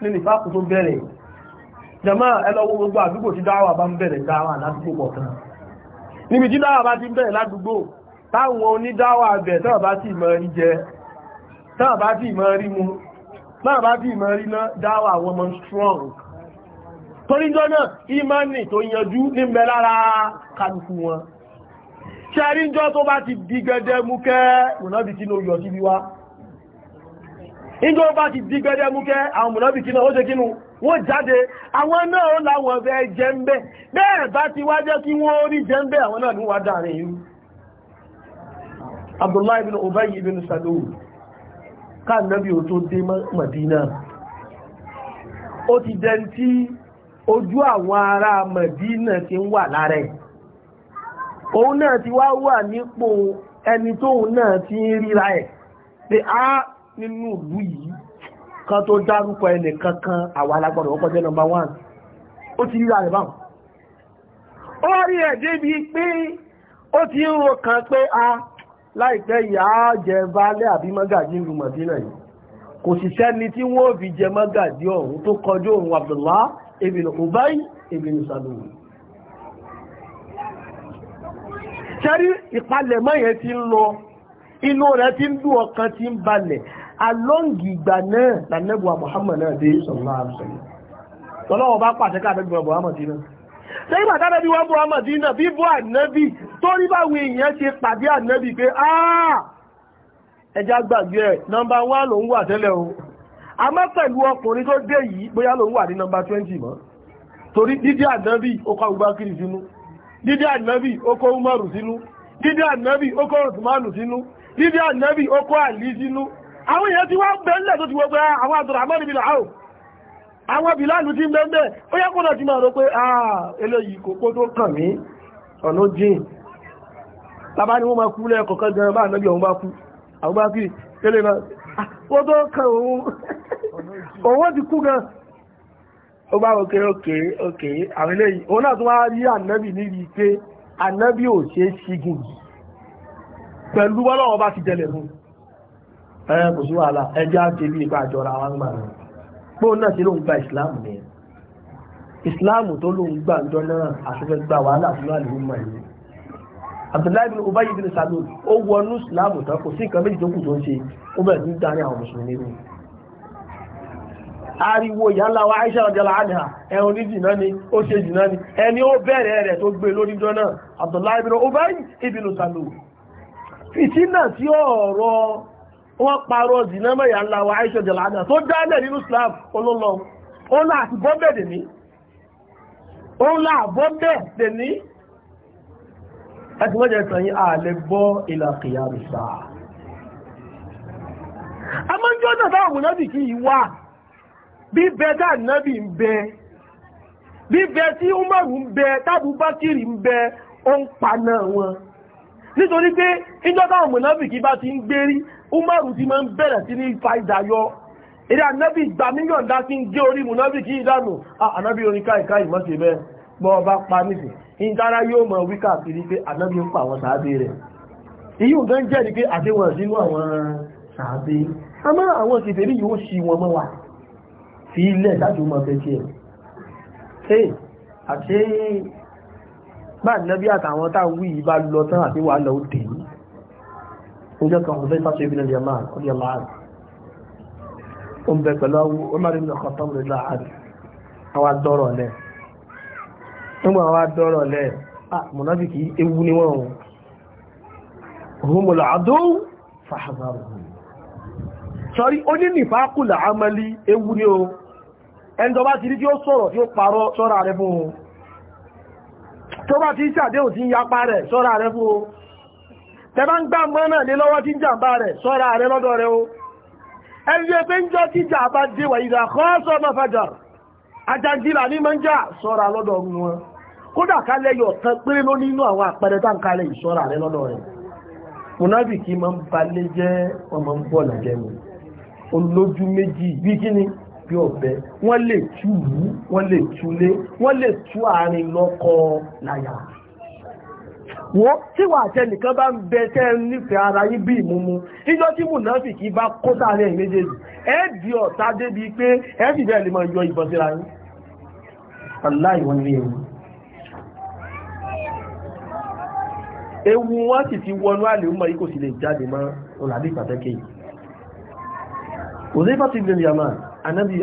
ní nìfàkù tó bẹ̀rẹ̀ jẹmọ́ ẹlọ́wọ́ gbogbo àdúgbò tí dáwà bá ń bẹ̀rẹ̀ máa bá bí ìmọ̀ rí náà dáwà àwọn strong torí jọ náà ìmánì tó yanjú ní mbẹ lára kálukú wọn ṣẹ́ríjọ́ tó bá ti di gẹ́gẹ́ mú kẹ́ mùnábìkí ní oyọ̀ síbí wá ìjọ ti di gẹ́gẹ́ mú kẹ́ àwọn mùnábìkí náà ó ṣe kínú wọ́n jáde àwọn náà ó láwọn ti wá jẹ́ kí wọ́n rí jẹ ń bẹ́ àwọn náà káànábì ò tó dé Mọ̀dínà ó ti dẹni tí ojú àwọn ará Mọ̀dínà ti ń wà lára ẹ̀ òun náà ti wá wà nípò ẹni tóun náà ti ń ríra ẹ̀ pé á nínú ìlú yìí kan tó dárúkọ ẹnì kankan àwọn alágbọ̀dọ̀ wọ́n kọjá nọmba one ó ti ríra rẹ̀ báwọn ó rí ẹ̀ débi pé ó ti ń ro kan pé a láìpẹ́ ìyá jẹ baálẹ̀ àbí mọ́gàjí ìlú mọ̀dínà yìí kò sì sẹ́ni tí wọ́n fi jẹ mọ́gàjí ọ̀hún tó kọjú òun Abdullah ibn Ubay ibn Salul sẹ́rí ìpalẹ̀mọ́ yẹn ti ń lọ inú rẹ̀ ti ń dùn ọkàn ti ń balẹ̀ alóǹgì ìgbà náà lànẹ́bùwà Muhammad náà dé sallallahu alaihi wasallam tọ́lọ́wọ́ bá pàṣẹ káàdẹ́gbẹ̀rẹ̀ Muhammad ṣe ìgbà tánàbí wọ́n bọ́ ọmọ dínà bí bọ́ ànábì tó rí báwọn èèyàn ṣe pàdé pé àà gbàgbé ẹ̀ nọmba 1 ló nwa wà o a mọ́ pẹ̀lú ọkùnrin tó dé yìí bóyá ló nọmba 20 mọ́ torí dídí ànábì ọkọ kọ kiri sínú dídí Umaru sínú dídí sínú dídí sínú àwọn èèyàn tí wọ́n àwọn bìláàlù tí ń bẹ́ẹ̀ ó yẹ kó náà ti máa rọ pé àà ah, eléyìí kò kó tó kàn mí ọ̀nà jìn lábá ni wọ́n máa kú lẹ́ẹ̀kọ̀ kan gan bá ànábì ọ̀hún bá kú àwọn bá kí tẹ́lẹ̀ náà ah, ó tó kàn òun òun ti kú gan ó bá òkè òkè òkè àwọn eléyìí òun náà tún wá rí ànábì níbi pé òun náà ti lóun gba ìsìláàmù ni ìsìláàmù tó lóun gbà ń jọ náà àtúfẹ́ gba wàhálà fún àlùmọ́ mọ̀ ní Abdullahi bin Ubayi bin Salul ó wọnú ìsìláàmù tán kò sí nǹkan méjì tó kù tó ń ṣe ó bẹ̀rẹ̀ ní darí àwọn mùsùlùmí rú ariwo ìyáńlá wa Aisha ọjọ́lá àdìhà ẹ̀hùn ní jìnnà ni ó ṣe jìnnà ni ẹni ó bẹ̀rẹ̀ rẹ̀ tó gbé lórí jọ náà Abdullahi bin Ubayi bin Salul fìtínà tí ọ̀rọ̀ wọ́n parọ́ zina mẹ́yà ńlá wa Aisha jalada tó dálẹ̀ nínú Islam olóòlọ́ ó là àti bọ́bẹ̀ dè ní ó là bọ́bẹ̀ dè yí ààlẹ́ gbọ́ ìlà sáà a máa ń jọ́ náà táwọn mùnábì kí yìí wà bí bẹ dá nábì ń bẹ bí bẹ tí Umaru ń bẹ nítorí pé ìjọ́ táwọn mùnáfìkì bá ti ń gbérí umaru ti máa ń bẹ̀rẹ̀ sí ní fa ìdáyọ eré anábì ìgbà mílíọ̀n dá sí ń gé orí mùnáfìkì ìdánù anábì ah, orin káìká ìmọ̀ṣe bẹ́ẹ̀ gbọ́ ọba pa nísìn ìdára yóò mọ̀ wí káàkiri pé anábì ń pa àwọn sàábé rẹ̀ èyí ò gán jẹ́ ni pé àdéhùn sínú àwọn sàábé àmọ́ àwọn kèfèrí yìí ó ṣì wọn mọ́ wa fi ilẹ̀ dájú mọ́ fẹ́ tiẹ̀ bá nẹ́bí àtàwọn tá wí ìbá lọ tán àti wà lọ dé níjọ́ kan ọ̀fẹ́ fásitì ibi nílẹ̀ máa ọdí ọmọ àrùn ó ń bẹ pẹ̀lú ọmọdé ní ọkọ̀ tọ́mù nílẹ̀ àrùn àwọn adọ́rọ̀ lẹ̀ nígbà àwọn adọ́rọ̀ lẹ̀ mùnáfíkì ewu sọ́rí ó ní nìfàákùlà amẹ́lí ewu ni o ẹni ti rí tí ó sọ̀rọ̀ tí ó parọ́ sọ́ra rẹ fún un tó bá ti ń ṣàdéhùn tí ń yapa rẹ̀ sọ́ra rẹ̀ fún o tẹ́bá ń gbá mọ́ náà lé lọ́wọ́ tí ń jàmbá rẹ̀ sọ́ra rẹ̀ lọ́dọ̀ rẹ̀ o ẹgbẹ́ pé ń jọ tí jà bá dé wà ìdá kọ́ sọ ọmọ fàjà ajajílà ní mọ́ ń jà sọ́ra lọ́dọ̀ ọ̀run wọn kódà kálẹ̀ yọ̀ tán péré ló nínú àwọn àpẹẹrẹ tá ń kalẹ̀ ìṣọ́ra rẹ̀ lọ́dọ̀ rẹ̀ munafiki máa ń bí ọ̀bẹ wọ́n lè tú ìlú wọ́n lè túlé wọ́n lè tú àárín lọ́kọ láyà wọ́n tíwà àtẹnìkan bá ń bẹ tẹ́ nífẹ̀ẹ́ ara yín bí ìmúmu níjọ́ tí mùnáfìkì bá kó sáàrin ẹ̀yìn méjèèjì ẹ di ọ̀tá débi pé ẹ sì bẹ́ẹ̀ lè máa yọ ìbọn síra yín aláì wọ́n ní ewu ewu wọ́n sì ti wọnú àlè ọmọ yìí kò sì lè jáde mọ́ ọ̀làdí pàtẹ́kì yìí òṣèlú bá ti gbé anábì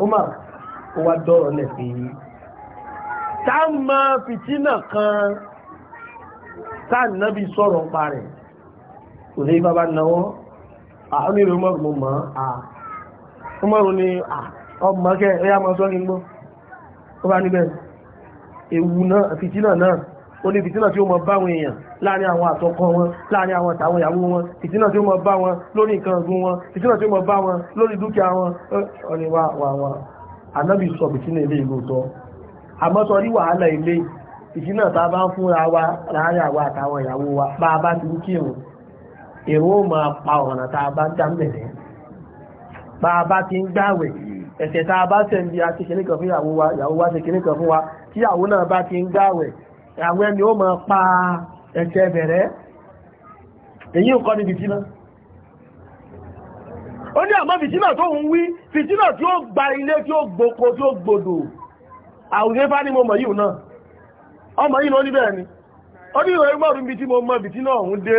Umar ó wá dọ́rọ̀ lẹ̀ pé táàmà fìtínà kan táànàbì sọ̀rọ̀ pa rẹ̀ kò sí bàbá náwọ́ àwọn èrè Umar mo mọ̀ á Umar ni ọmọ kẹ́ ẹ̀yà máa sọ́rin gbọ́ ó bá níbẹ̀ ewu náà fìtínà náà ó ní fìtínà tí ó mọ báwọn èèyàn láàrin àwọn àtọkọ wọn láàrin àwọn àtàwọn ìyàwó wọn ìtínà tí ó mọ bá wọn lórí nǹkan ọ̀gbìn wọn ìtínà tí ó mọ bá wọn lórí dúkìá wọn ọ̀nì wa wà wọn ànábì sọ bìtínà ilé ìlú tọ́ àmọ́ sọ rí wàhálà ilé ìtínà tá a bá ń fúnra wa láàrin àwọn àtàwọn ìyàwó wa bá a bá ti ń kírun èrò ó máa pa ọ̀nà tá a bá ń dá mẹ́rẹ̀ bá a bá ti ń gbàwẹ̀ ẹ̀sẹ̀ tá a bá sẹ̀ǹdì àti kìnní kan fún ìyàwó wa ìyàwó wa ṣe kìnní fún wa tíyàwó náà bá ti ń gbàwẹ̀ ìyàwó ẹni ó máa pa á ẹ̀kẹ́ bẹ̀rẹ̀ èyí ò kọ́ ní fìtínà ó ní àmọ́ fìtínà tó ń wí fìtínà tí ó gba ilé tí ó gboko tí ó gbòdò àwùjẹ́ bá ní mo mọ̀ náà ọmọ yìí ní bẹ́ẹ̀ ni ó ní ìwọ̀n ìgbọ̀rún ibi ọ̀hún dé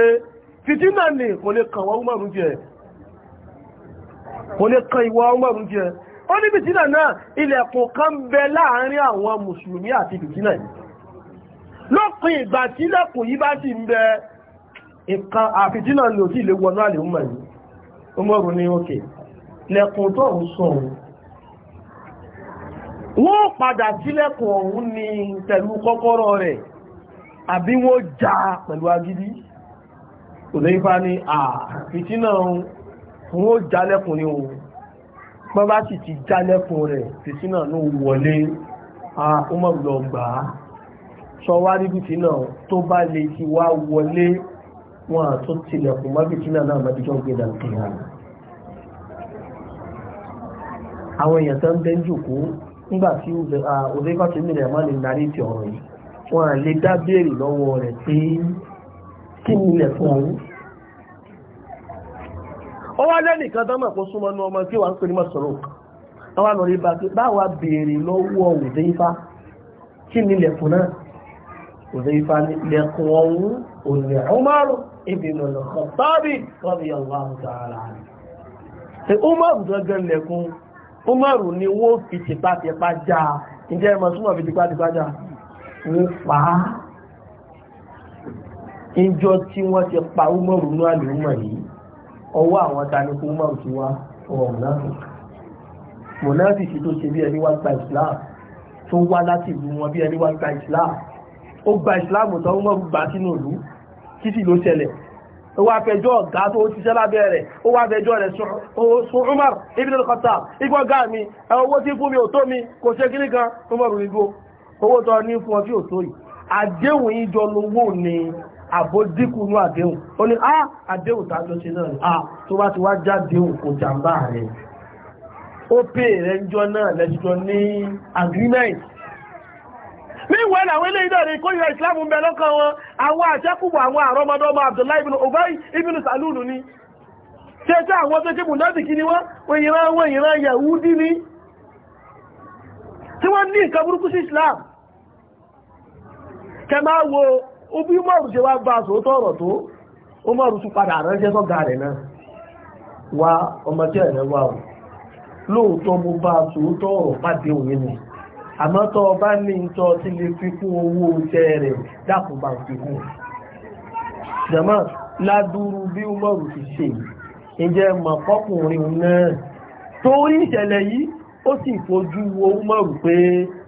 ni lópin ìgbà tí lẹ́kùn yìí bá ti ń bẹ ìkan àfitínà ni ò sí ilé wọnú àlè ń mọ̀ yìí ó mọ̀rún ní òkè lẹ́kùn tó ń sọ òun wọ́n padà sílẹ̀kùn ọ̀hún ni pẹ̀lú kọ́kọ́rọ́ rẹ̀ àbí wọ́n já pẹ̀lú agídí òlèyífá ni àfitínà wọ́n já lẹ́kùn ní òun pọ́n bá sì ti já lẹ́kùn rẹ̀ fìtínà ló wọlé ọmọ ìlọgbàá sọwárí bìtínà tó bá lè ti wá wọlé wọn àtó tilẹ̀kùn má bìtínà náà má bìtínà gbé dàgbé hàn àwọn èèyàn tó ń bẹ́ ń jòkó nígbà tí òdekọ́ tó nílẹ̀ má lè darí ti ọ̀rọ̀ yìí wọn à lè dá béèrè lọ́wọ́ rẹ̀ pé kí nílẹ̀ fún ọ̀hún ó wá lẹ́nìkan tó mọ̀ kó súnmọ́ ní ọmọ tí wà ń pè ní mọ̀sọ̀rọ̀ àwọn àlọ́rí bá wà béèrè lọ́wọ́ òdekọ́ kí nílẹ̀ fún náà Huzaifa ní lẹ́kùn ọ̀hún òní Umar ibn al-Khattab radiyallahu ta'ala anhu. Ṣé Umar gangan lẹ́kùn Umar ni wọ́n fi tipátipá já ǹjẹ́ ẹmọ súnmọ̀ fi tipátipá já ní pa á. Ìjọ tí wọ́n ti pa Umar nú àlùmọ̀ yìí, ọwọ́ àwọn tanikú Umar ti wá ọ̀rọ̀ náà mọ̀láàdì sí tó ṣe bí ẹni wá gba islam tó wá láti ìlú wọn bí ẹni wá gba islam ó gba ìsìláàmù tán ó mọ̀ gbà sínú ìlú títí ló ṣẹlẹ̀ ó wá fẹjọ́ ọ̀gá tó ó ṣiṣẹ́ lábẹ́ rẹ̀ ó wá fẹjọ́ rẹ̀ sun Umar ibn al-Khattab igbó gá mi owó tí fún mi ò tó mi kò ṣe kí nìkan Umar igbó owó tó ní fún ọ tó yìí àdéhùn ìjọ lówó ni àbódíkù ní àdéhùn ó ní á ah, àdéhùn tàbí ṣe náà ni á ah, tó bá ti wá jádéhùn kò jàmbá rẹ̀ ó pè rẹ̀ ń jọ náà lẹ́jọ́ ní agreement meanwhile àwọn eléyìí náà ni kórìíra ìsìláàmù ń bẹ lọ́kàn wọn àwọn àṣẹ́kùbọ̀ àwọn àrọ́mọdọ́mọ Abdullahi ibn Ubay ibn Salulu ni ṣe tí àwọn tó ṣe mùnádìkì ni wọ́n òyìnrán àwọn ìran ni tí wọ́n ní Islam kẹ máa wo obi mọ́rù ṣe wá bá sóótọ́ ọ̀rọ̀ tó ó mọ́rù tún padà ránṣẹ́ sọ́gá rẹ̀ náà wá lóòótọ́ mo bá sóótọ́ ọ̀rọ̀ pàdé òye nìí àmọ́ tó o bá ní ìtọ́ tí lè fi kún owó oúnjẹ rẹ̀ dákun bá fi kún jẹ̀mọ́ ládùúrú bí umaru ti ṣe ǹjẹ́ mọ̀kọ́kùnrin náà torí ìṣẹ̀lẹ̀ yìí ó sì fojú wo umaru pé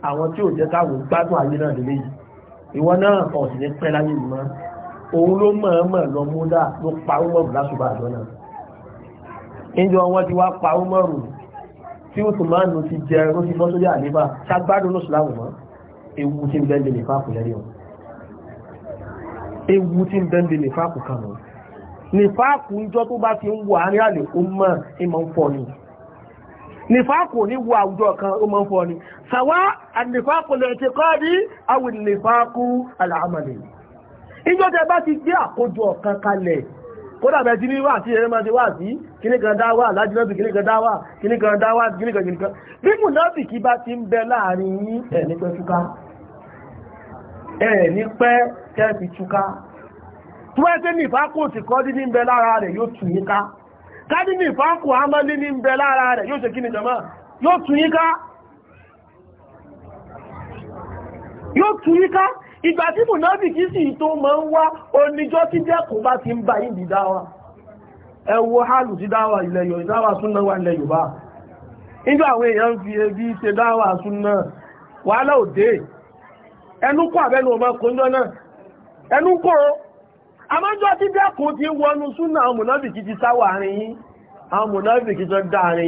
àwọn tí ò jẹ́ káwọn gbádùn ayé náà lélẹ̀ yìí ìwọ náà ọ̀sìn pẹ́ láyé mọ́ òun ló mọ̀ọ́mọ̀ lọ múdà ló pa umaru lásùbà àjọ náà ìjọ wọn ti wá pa umaru tí ó tún máa ń lo ti jẹ ẹ̀rọ ti bọ́ sórí àlébà ṣagbádùn lóṣù láwùn mọ́ ewu tí ń bẹ́ lè fáàkù lẹ́rí wọn ewu tí ń bẹ́ lè fáàkù kan wọn lè fáàkù ìjọ tó bá ti ń wo àárín àlè ó mọ̀ ẹ máa ń fọ ni lè fáàkù ní wo àwùjọ kan ó máa ń fọ ni sàwá àlèfáàkù lè ti kọ́ ní àwọn lè fáàkù àlàámàlè ìjọ tẹ bá ti gbé àkójọ kan kalẹ̀ kódà bẹ́ẹ̀ tí ní wà sí ẹ̀rẹ́mọ́ ti wà sí kíní kan dá wà lájúlọ́bì kíní kan dá wà kíní kan dá wà kíní kan kíní kan bí mùnáfì kí bá ti ń bẹ láàrin yín ẹ̀ ní pẹ́ túká ẹ̀ ní pẹ́ tẹ́ fi túká tó ẹ́ tẹ́ ní ìfákòsì ìgbà tí mùnábì kí sì tó máa ń wá oníjọ́ tí dẹ́kùn bá ti ń ba yìí dáwà ẹ hálù sí dáwà ilẹ̀ Yorùbá dáwà súnà wà ilẹ̀ Yorùbá nígbà àwọn èèyàn fi ebi ṣe dáwà súnà wàhálà ọmọ kọjọ náà ti wọnú suna àwọn mùnábì ti sawa arinyi. yìí àwọn mùnábì kí arinyi dá àárín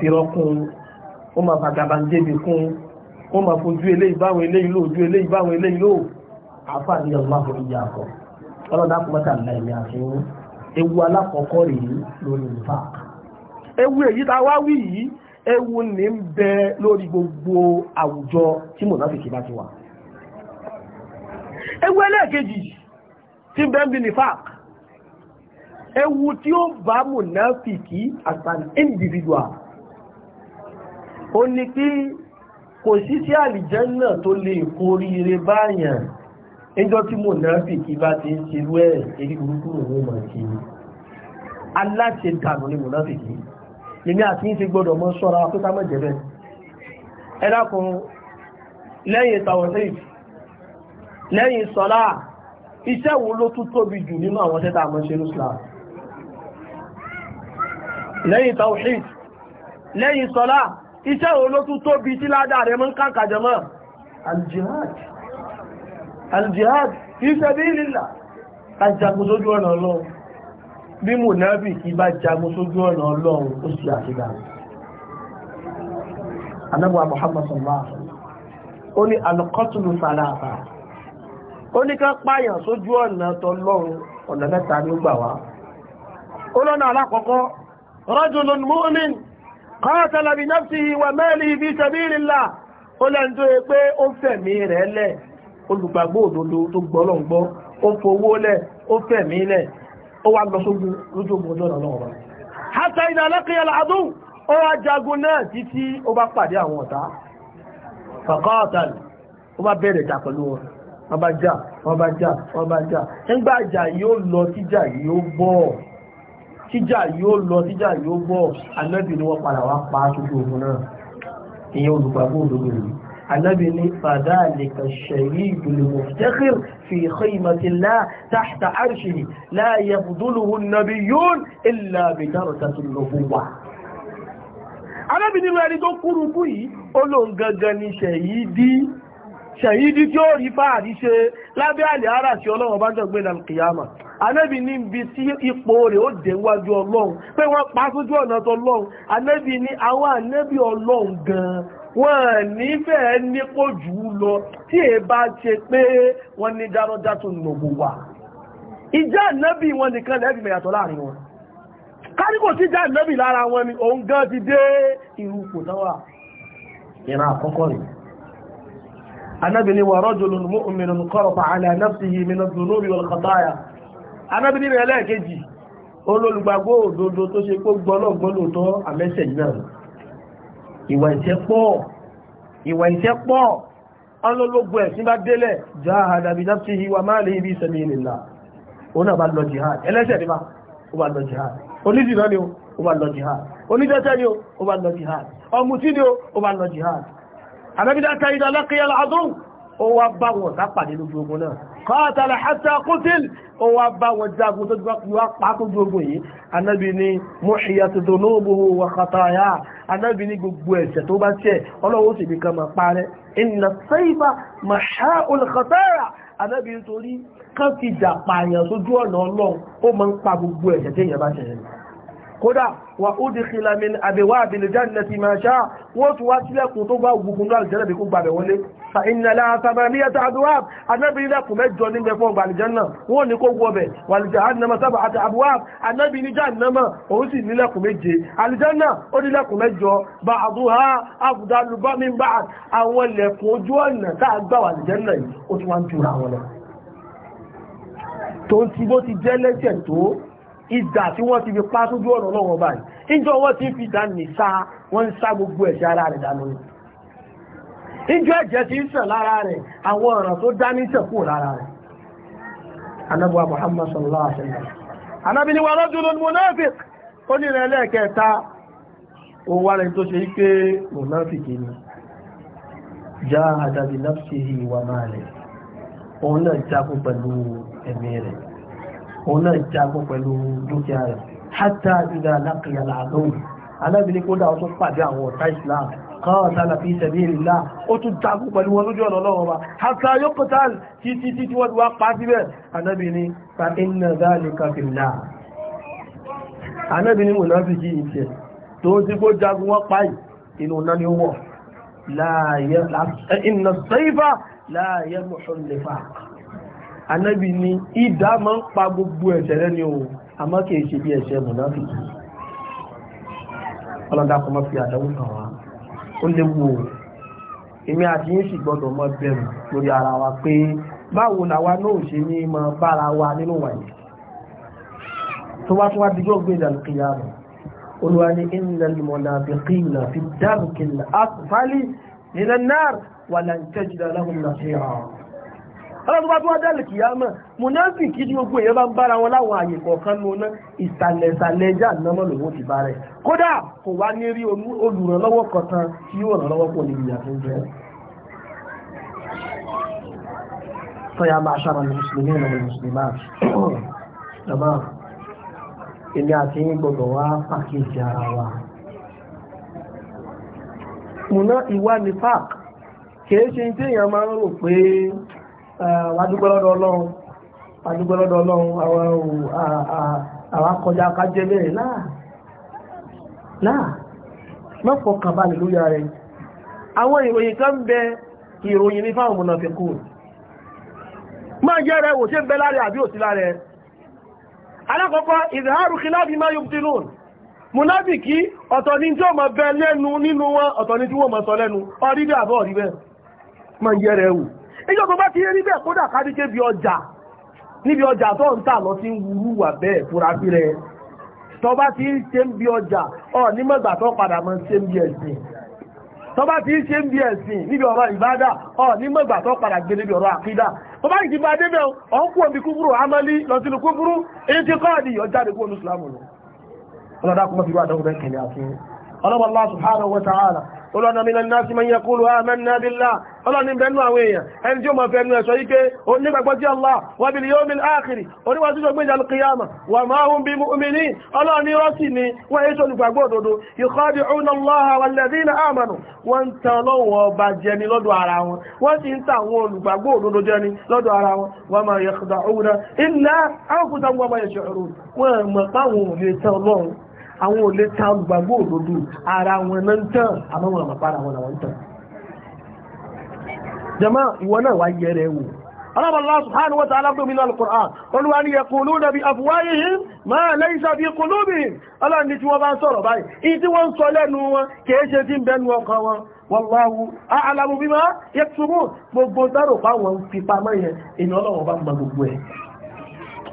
yín wọ́n máa bàgàbàǹjẹ́ bí kún wọ́n máa fojú eléyìí báwọn eléyìí lò ojú eléyìí báwọn eléyìí lò àáfà ní ọmọ àwọn ìyá àkọ́ ọlọ́dà kọ́mọ́tà láìmí àfihàn ewu alákọ̀ọ́kọ́ rèé lórí ìfà ewu èyí tá a wá wí yìí ewu ní ń bẹ lórí gbogbo àwùjọ tí mùnáfíkì bá ti wà ewu ẹlẹ́ẹ̀kejì tí bẹ́ẹ̀ bí ní fáàkì ewu tí ó bá mùnáfíkì as an individual ó ní kí kò sí sí àlìjẹ́nà tó lè kóríire báyàn ẹjọ́ tí mò náà fi kí bá ti ń ṣe rú ẹ̀ èrí burúkú òun mà kí aláṣẹ dànù ni mò náà fi kí èmi àti ń ṣe gbọ́dọ̀ mọ́ sọ́ra pé ká má jẹ́ bẹ́ẹ̀ ẹ dákun lẹ́yìn tàwọ̀sẹ́yìn lẹ́yìn sọ́lá iṣẹ́ wo ló tún tóbi jù nínú àwọn tẹ́ta àmọ́ ṣe islam lẹ́yìn tàwọ̀sẹ́yìn lẹ́yìn sọ́lá iṣẹ́ olótú tóbi tí ládà rẹ̀ mọ́ ń kàkà jẹmọ́ aljihad aljihad iṣẹ́ bí lílà ajagun sójú ọ̀nà ọlọ́run bí mò náà bì kí bá jagun sójú ọ̀nà ọlọ́run ó sì àṣígbà anábọ̀ Muhammad sallallahu ó ní alqatlu salasa ó ní ká pààyàn sójú ọ̀nà qatala bi nafsihi wa malihi fi sabilillah ó lẹ́n tó yẹ pé ó fẹ̀mí rẹ̀ lẹ̀ olùgbàgbọ́ òdodo tó gbọ́lọ̀ ń gbọ́ ó fowó lẹ̀ ó fẹ̀mí lẹ̀ ó wà. hatta idha bá pàdé àwọn bá bẹ̀rẹ̀ wọ́n bá jà wọ́n bá jà wọ́n bá jà jà yóò lọ síjà tíjà yóò lọ tíjà yóò bọ̀ anábì ni wọ́n padà wá pa aṣojú ogun náà ìyẹn olùgbàgbọ́ òdodo rẹ̀ anábì ní fadhalika ash-shahidu al-muftakhir fi khaymati Allah tahta arshihi la yabduluhu an-nabiyyun illa bi darakati an-nubuwwah anábì nínú ẹni tó kúrukú yìí ó lóun gangan ni ṣèyí dí ṣẹ̀yídí tí ó rí fáàrí ṣe lábẹ́ àlè ara sí ọlọ́run bá jọ gbéra kìyàmà anẹ́bì ní ibi tí ipò rẹ̀ ó dé wájú ọlọ́run pé wọ́n pa sójú ọ̀nà tọlọ́run anẹ́bì ní àwọn anẹ́bì ọlọ́run gan wọ́n nífẹ̀ẹ́ nípò jù lọ tí è bá ṣe pé wọ́n ní dárọ́já tó nùgbò wà ìjà anẹ́bì wọn nìkan lẹ́bì mẹ́yàtọ̀ láàrin wọn kárí kò sí ìjà lára wọn ni òun gan ti dé irú kò náwà ìran àkọ́kọ́ rèé anábìíní wà rọ́jòlù mọ́ọ̀mìnà kọ́rọ̀pà àlẹ́ anáfíyì mìíràn dùnú bí wọlọ́kọ̀táyà anábìíní rẹ̀ lẹ́ẹ̀kejì olólùgbàgbọ́ òdodo tó ṣe pé gbọ́lọ̀gbọ́lòtọ́ àmẹ́sẹ̀ náà ìwà ìṣẹ́pọ̀ ìwà ìṣẹ́pọ̀ ọlọ́lọ́gbọ̀ ẹ̀sìn bá délẹ̀ jáhàdà bí náfíhì wà máa lè ibi ìsẹ̀mí ìlà ó náà bá lọ jihad ẹlẹ́sẹ̀ ni bá ó bá lọ jihad onídìí náà ni ó bá lọ àbẹ́bídáta ìdá lẹ́kẹ̀ẹ́ àdún ó wá bá wọn sápàdé lójú ogun náà kọ́ọ̀tàlẹ̀ àti àkútìl ó wá bá wọn jagun tó wá pàákó ju ogun yìí anábì ni mọ́ṣíyà tó tó lóògbò wà kàtàyà anábì ni gbogbo ẹ̀ṣẹ̀ tó bá tẹ̀ ọlọ́wọ́ sì kódà wà ó di kìlàmì àbẹ̀wà àbìlẹ̀ jannati máa ṣáà wọ́n tún wá sílẹ̀kùn tó bá gbùkún lọ àlìjẹ́nà bí kún gbàbẹ̀ wọlé fa ìnàlá samaniyata abuwab anábìnrin lẹ́kùn mẹ́jọ ní mẹ́fọ́ gbàlìjẹ́nà wọ́n ní kó wọ́bẹ̀ wàlìjẹ́nàmà sábà àti abuwab anábìnrin jannama òun sì nílẹ̀kùn méje àlìjẹ́nà ó nílẹ̀kùn mẹ́jọ bá àdúhà àbùdálùbá mi tó ń ti bó ti jẹ́ lẹ́sẹ̀ tó ìdà tí wọ́n ti fi pa sójú ọ̀nà ọlọ́run ọba yìí níjọ́ wọ́n ti fi dà ní sá wọ́n ń sá gbogbo ẹ̀ṣẹ̀ ara rẹ̀ dànù níjọ́ ẹ̀jẹ̀ ti ń sàn lára rẹ̀ àwọn ọ̀ràn tó dá ní sẹ̀kú lára rẹ̀ anábọ̀ Muhammad sallallahu alaihi wasallam anábì ni wọn lọ́dún lónìí monafik ó ní ìrẹ̀lẹ̀ kẹta ó wá rẹ̀ tó ṣe pé monafik ni jahada bi nafsihi wa malihi òun náà jákú pẹ̀lú ẹ̀mí rẹ̀ òun náà jagun pẹ̀lú dúkìá rẹ̀ hátà ìdá lákìyà làádọ́wù alábìnrin kódà ó tún pàdé àwọn ọ̀tá islam kan tala fi sabilillah ó tún jagun pẹ̀lú wọn lójú ọ̀nà ọlọ́run ọba hátà yóò pẹ̀tà títí tí wọ́n ti wá pa síbẹ̀ anábìnrin fa inna dhalika fillah anábìnrin mò náà fi jí ìtẹ̀ tó ti anábì ni ìdá máa ń pa gbogbo ẹ̀ṣẹ̀ rẹ ni o àmọ́ kìí ṣe bí ẹ̀ṣẹ̀ mọ̀nàfì ọlọ́dà kọ́ máa fi àdánwò kàn wá ó léwu o èmi àti yín sì gbọ́dọ̀ mọ bẹ̀rù lórí ara wa pé báwo làwa náà ṣe ní mọ bára wa nínú wàyí tó bá tún wá dijọ́ gbé ìdàlùkìyà rẹ̀ olúwa ní innal munafiqina fi dárùkì àtúfálì nínú náà wà láǹtẹ́jìdá lahum nasira ọlọ́dúnwá tó wá dálì kìyàmọ̀ mùnáfì kí ní gbogbo èèyàn bá ń bára wọn láwọn àyè kọ̀ọ̀kan ní ọ̀nà ìsàlẹ̀ ìsàlẹ̀ ẹja ànámọ́ lòun ti bá rẹ̀ kódà kò wá ní rí olùrànlọ́wọ́ kọ̀ọ̀kan tí yóò ràn lọ́wọ́ pọ̀ ní ìyà tó ń jẹ́ fọ́yà máa ṣára ní Eh, wàdúgbọ́lọ́dọ̀ ọlọ́run wàdúgbọ́lọ́dọ̀ ọlọ́run àwọn akọjá kájẹ́ bẹ́ẹ̀ láà láà mọ́pọ̀ kàbà lórí ààrẹ àwọn ìròyìn kan bẹ ìròyìn ní fáwọn ọmọ fi kú máa jẹ́ rẹ̀ wò ṣe ń bẹ láàrẹ àbí òsí láàrẹ alákọ̀ọ́kọ́ ìzẹ̀háàrù kí láàbí máa yóò tínú munafiki ọ̀tọ̀ ni tí ó mọ̀ bẹ lẹ́nu nínú wọn ọ̀tọ̀ ni tí wọ́n mọ̀ sọ lẹ́nu ọ̀rí bẹ́ àbọ̀ ọ̀rí bẹ́ máa jẹ́ rẹ̀ wò ìjọ tó bá ti rí bẹ́ẹ̀ kódà bi bí ọjà níbi ọjà tó ń tà lọ sí wúrú wà bẹ́ẹ̀ fúra sí rẹ ti ń ọjà ọ nímọ̀gbà tó padà mọ́ ṣe bí ẹ̀sìn tó bá ti ń ṣe bí ẹ̀sìn ọ tó padà gbé níbi ọ̀rọ̀ àkídà tó bá lọ èyí ti kọ́ ọ̀dì ọjáde kú lọ ọlọ́ni bẹnu àwọn èèyàn ẹni tí ó mọ̀ fẹ́nu ẹ̀ṣọ́ yíké onígbàgbọ́ sí Allah wa bil yawmil akhir oníwàsí tó gbéjà al-qiyamah wa ma hum bi mu'minin ọlọ́ni rọ́sì ni wọ́n èyí tó lùgbàgbọ́ òdodo yukhadi'una Allah walladhina amanu wọ́n ń tan lọ́wọ́ ọba jẹni lọ́dọ̀ ara wọn wọ́n sì ń ta àwọn olùgbàgbọ́ òdodo jẹni lọ́dọ̀ ara wọn wa ma yakhda'una illa àwọn ò lè wọn náà ń jama ìwọ náà wá yẹ rẹ̀ wò Allah subhanahu wa ta'ala tó mílọ̀ al-Qur'an olúwa ni yaquluna bi afwahihim ma laysa fi qulubihim Allah ní tí wọ́n bá ń sọ̀rọ̀ báyìí in tí wọ́n ń sọ lẹ́nu wọn kìí ṣe tí ń bẹnu ọkàn wọn wallahu a'lamu bima yaktubun gbogbo dárò fáwọn fipamọ́ yẹn ìnà ọlọ́wọ́ bá ń gba gbogbo ẹ̀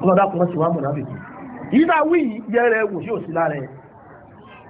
ọlọ́dá kùnrin sì wá mọ̀ náà bèbè yìí náà wí yẹrẹ wò sí òsì lára ẹ̀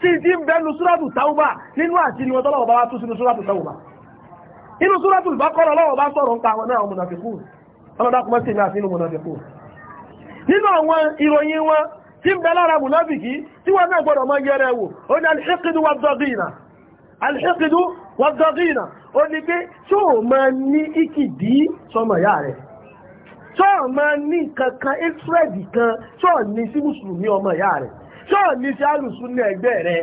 sí ti ń bẹnu súrátù táwùbà nínú àṣírí wọn tọ́lọ́wọ́ bá wá tún sínú súrátù táwùbà inú súrátù ìbákọ́rọ̀ lọ́wọ́ bá sọ̀rọ̀ ń pa àwọn náà mùnàfikù ọlọ́dàkùnmọ́ sí ní àfihàn mùnàfikù nínú àwọn ìròyìn wọn tí ń bẹ lára mùnàfikì tí wọ́n náà gbọ́dọ̀ mọ́ yẹrẹ wò ó ní alìṣẹ́kìdú wà dọ́gìnà alìṣẹ́kìdú wà dọ́gìnà ó ní pé tí ó máa ní ìkìdí sọmọ ìyá rẹ̀ tí ó ṣọ́ọ̀ ní ti alùsùn ní ẹgbẹ́ rẹ̀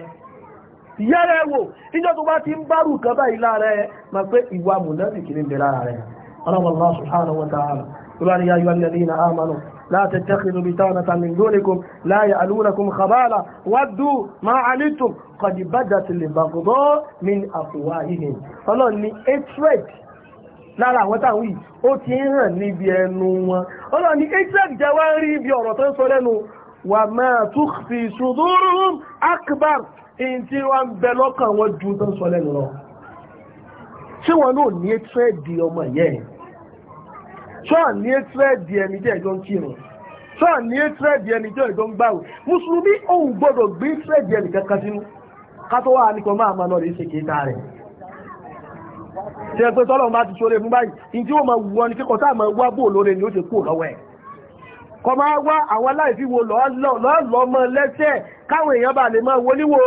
yẹ́rẹ́ wò níjọ́ tó bá ti ń bárù kan báyìí lára ẹ ma pé ìwà mùnẹ́bì kìí bẹ lára rẹ̀ Allah subhanahu wa ta'ala ìbára ya yọ alladhina amanu la tattakhidhu bitanata min dunikum la ya'lunakum khabala waddu ma 'anittum qad wà máa tún fi ṣùdúrùn akbar in tí wọ́n ń bẹ lọ́kàn wọn ju tán sọ lẹ́nu lọ ṣé wọn náà ní ẹ́tírẹ́ẹ̀dì ọmọ ìyẹ́ ẹ̀ ṣọ́ ní ẹ́tírẹ́ẹ̀dì ẹni jẹ́ ìjọ ń kírun ṣọ́ ní ẹ́tírẹ́ẹ̀dì ẹni jẹ́ ìjọ ń gbàwò mùsùlùmí òun gbọ́dọ̀ gbé ẹ́tírẹ́ẹ̀dì ẹni kankan sínú ká tó wà ní máa máa lọ rí ṣe kéta rẹ̀ ṣe pé tọ́lọ̀ máa ti ṣoré fún báyìí ìdí ó máa wọ ni kíkọ́ tá máa wá bò lóore ni ó ṣe kú lọ́wọ́ ẹ̀ kọ máa wá àwọn aláìsí wo lọ́ọ̀lọ́ mọ́ lẹ́sẹ̀ káwọn èèyàn bá lè máa wọníwò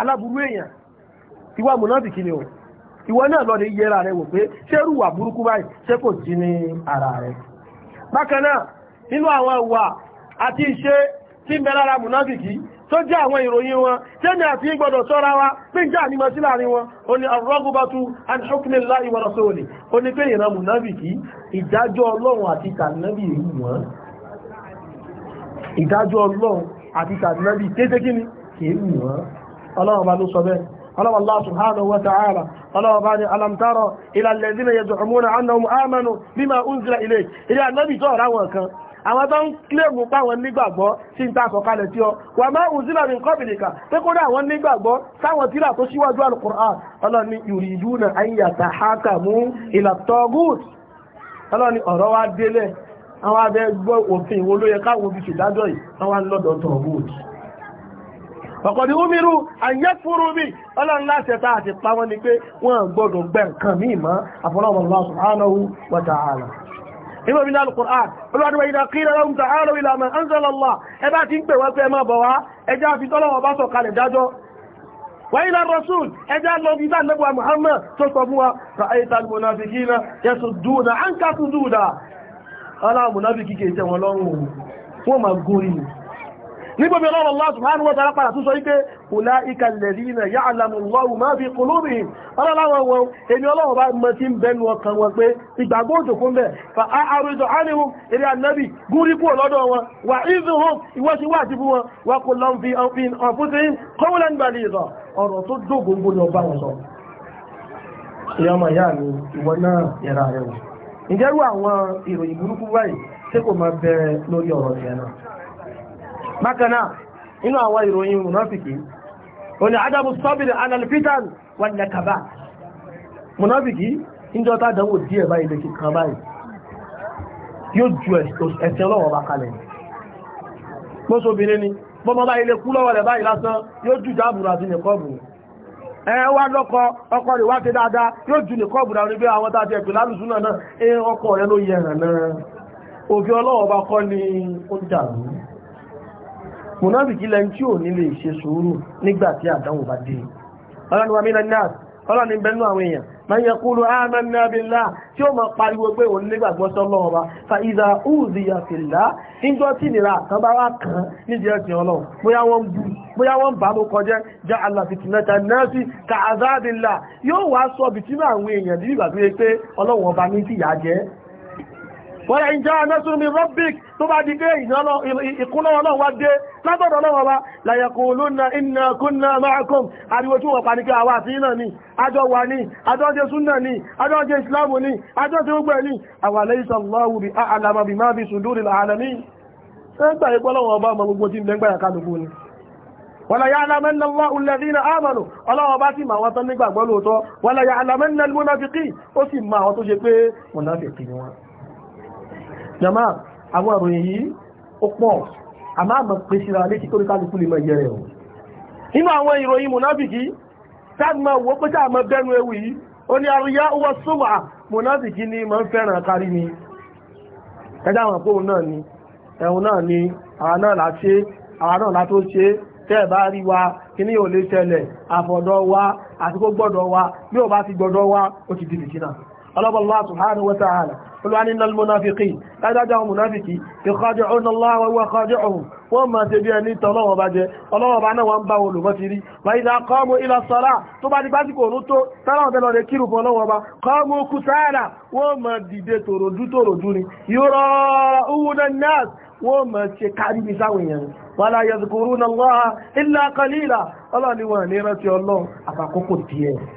aláburú èèyàn ìwà mùnáfìkì ni o ìwọ náà lọ lè yẹra rẹ wò pé ṣérù wà burúkú báyìí ṣé kò sí ní ara rẹ bákan náà nínú àwọn ìwà àti ìṣe tí wa pé jẹ́ ànímọ̀ sí láàrin wọn o ni arọ́gúbátú an hukmillahi wa rasuli o ni pé ìran mùnáfìkì ìdájọ́ ọlọ́run àti tànàbì èyí ìdájọ́ ọlọ́run àti tàbí kéèké kí ni kìí wù wọ́n ọlọ́run bá ló sọ bẹ́ẹ̀ ọlọ́run Allah subhanahu wa ta'ala ọlọ́run bá ní alam tara ila alladhina yaz'umuna annahum amanu bima unzila ilayk ilé ànábì tó ọ̀rá wọn kan àwọn tó ń kílèmù páwọn nígbàgbọ́ sí ń ta sọ̀kalẹ̀ tí ọ wà máa ń sílẹ̀ ní kọ́bìnìkà pé kó dá àwọn nígbàgbọ́ sáwọn tíra tó síwájú alukur'an ọlọ́ni àwọn abẹ́ gbọ́ òfin wo ló yẹ káwọn fi ṣèdájọ́ yìí àwọn lọ́dọ̀ tọ̀ wòdì ọ̀kọ̀dí umiru àyẹ́fúrú mi ọlọ́run láti ẹ̀ta àti pàwọn ni pé wọ́n gbọ́dọ̀ gbẹ̀ nǹkan mí mọ́ àfọlọ́wọ̀n subhanahu wa ta'ala nínú ìlú al-Qur'an olùwàdíwà ìdá kíra lọ́wọ́ ta'ala ila man anzala Allah ẹbá ti ń pè wọ́n pé ẹ máa bọ̀ wá ẹjá fi tọ́lọ́wọ́ bá sọ̀kalẹ̀ dájọ́ وإلى الرسول أجعل الله بذان نبوة محمد تصبوا رأيت المنافقين يصدون عنك صدودا aláàmùnábì kíkẹ́ ìtẹ́ wọn lọ́rùn òun wọ́n ma gúnrí nígbàmí ọlọ́rọ̀ Allah subhanahu wa ta'ala padà tún sọ wípé ulaika alladhina ya'lamu Allahu ma fi qulubihim ọlọ́láwọ̀ wọn èmi ọlọ́rọ̀ bá mọ́ tí ń bẹnu ọkàn wọn ìjẹ́rú àwọn ìròyìn burúkú báyìí tí kò máa bẹ̀rẹ̀ lórí ọ̀rọ̀ ìyẹn náà bákanáà inú àwọn ìròyìn munafiki òní adamu sọ́bìrì analfitan wọn lè kàbá munafiki ìjọ tá dánwò díẹ̀ báyìí lè kí kan báyìí yóò ju ẹ̀sẹ̀ ọlọ́wọ́ bá kalẹ̀ mọ́sọ̀bìnrin ni bọ́mọ báyìí lè kú lọ́wọ́ rẹ̀ ẹ wá lọ́kọ ọkọ rẹ̀ wá ti dáadáa yóò jù nìkọ́ ọ̀bùdà orí bí àwọn tàbí ẹ̀pẹ̀ lálùsúnà náà ẹ ọkọ rẹ̀ ló yẹ ẹ̀rẹ̀ náà òfin ọlọ́wọ́ bá kọ́ ni ó dàrú mùnáfìkí lẹ́ni tí ò ní lè ṣe sùúrù nígbà tí àdánwò bá dé ọlọ́ni wa mí náà ọlọ́ni bẹnu àwọn èèyàn máa yẹ kúrò amanna billah tí ó máa pariwo pé òun nígbàgbọ́ sọ́lọ́ ọba fa ìdá uziya fillah níjọ́ tí nìra kan bá wá kàn nídìí ẹ̀sìn ọlọ́run bóyá wọ́n bú bóyá wọ́n bá mú kọjá ja'ala fitnatan nasi ka'azabillah yóò wá sọ bìtínú àwọn wọ́n yẹn jẹ́ anásùn mi rọ́bìk tó bá di pé ìkúnlọ́wọ́ náà wá dé látọ̀dọ̀ náà wá láyẹ̀kù lónà iná kúnnà máàkùn ariwo tí wọ́n panikẹ́ àwa àti iná ni àjọ wà ní àjọ jẹ́ súnà ní àjọ jẹ́ ìsìláàmù ní àjọ tí ó gbẹ̀ ní àwàlẹ́ ìsànlọ́wù jama àwọn ìròyìn yìí ó pọ̀ àmọ́ àmọ́ pé síra létí tó rí kálukú lè máa yẹrẹ o nínú àwọn ìròyìn mùnáfìkì tágbà wo pé tá àmọ́ bẹ́nu ewu yìí ó ní àríyá owó súnmà mùnáfìkì ni máa ń fẹ́ràn kárí ni ẹjá àwọn àpò náà ni ẹ̀hùn náà ni àwa náà la tó ṣe tẹ́ bá rí wa kí ní ò lè ṣẹlẹ̀ àfọ̀dọ̀ wa àti kó gbọ́dọ̀ wa bí ò bá ti gbọ́dọ̀ wa ó ti di fìtínà ọlọ́bọ̀lọ́wà subhanahu wa ta'ala olúwa ní lọ́lọ́ mọ́náfikì ládájá àwọn mọ́náfikì tí kọjọ́ ọ̀nà láwọ́ wọ́n kọjọ́ ọ̀hún wọ́n máa ṣe bí ẹni tọ́lọ́wọ́ bá jẹ ọlọ́wọ́ bá náà wọ́n bá wọn olùgbọ́ ti rí wà ìdá kọ́mù ilọ̀ sọ́lá tó bá di básìkò òun tó tọ́lọ́wọ́ tẹ́lọ rẹ̀ kírù fún ọlọ́wọ́ bá kọ́mù kùtàrà wọ́n máa dìde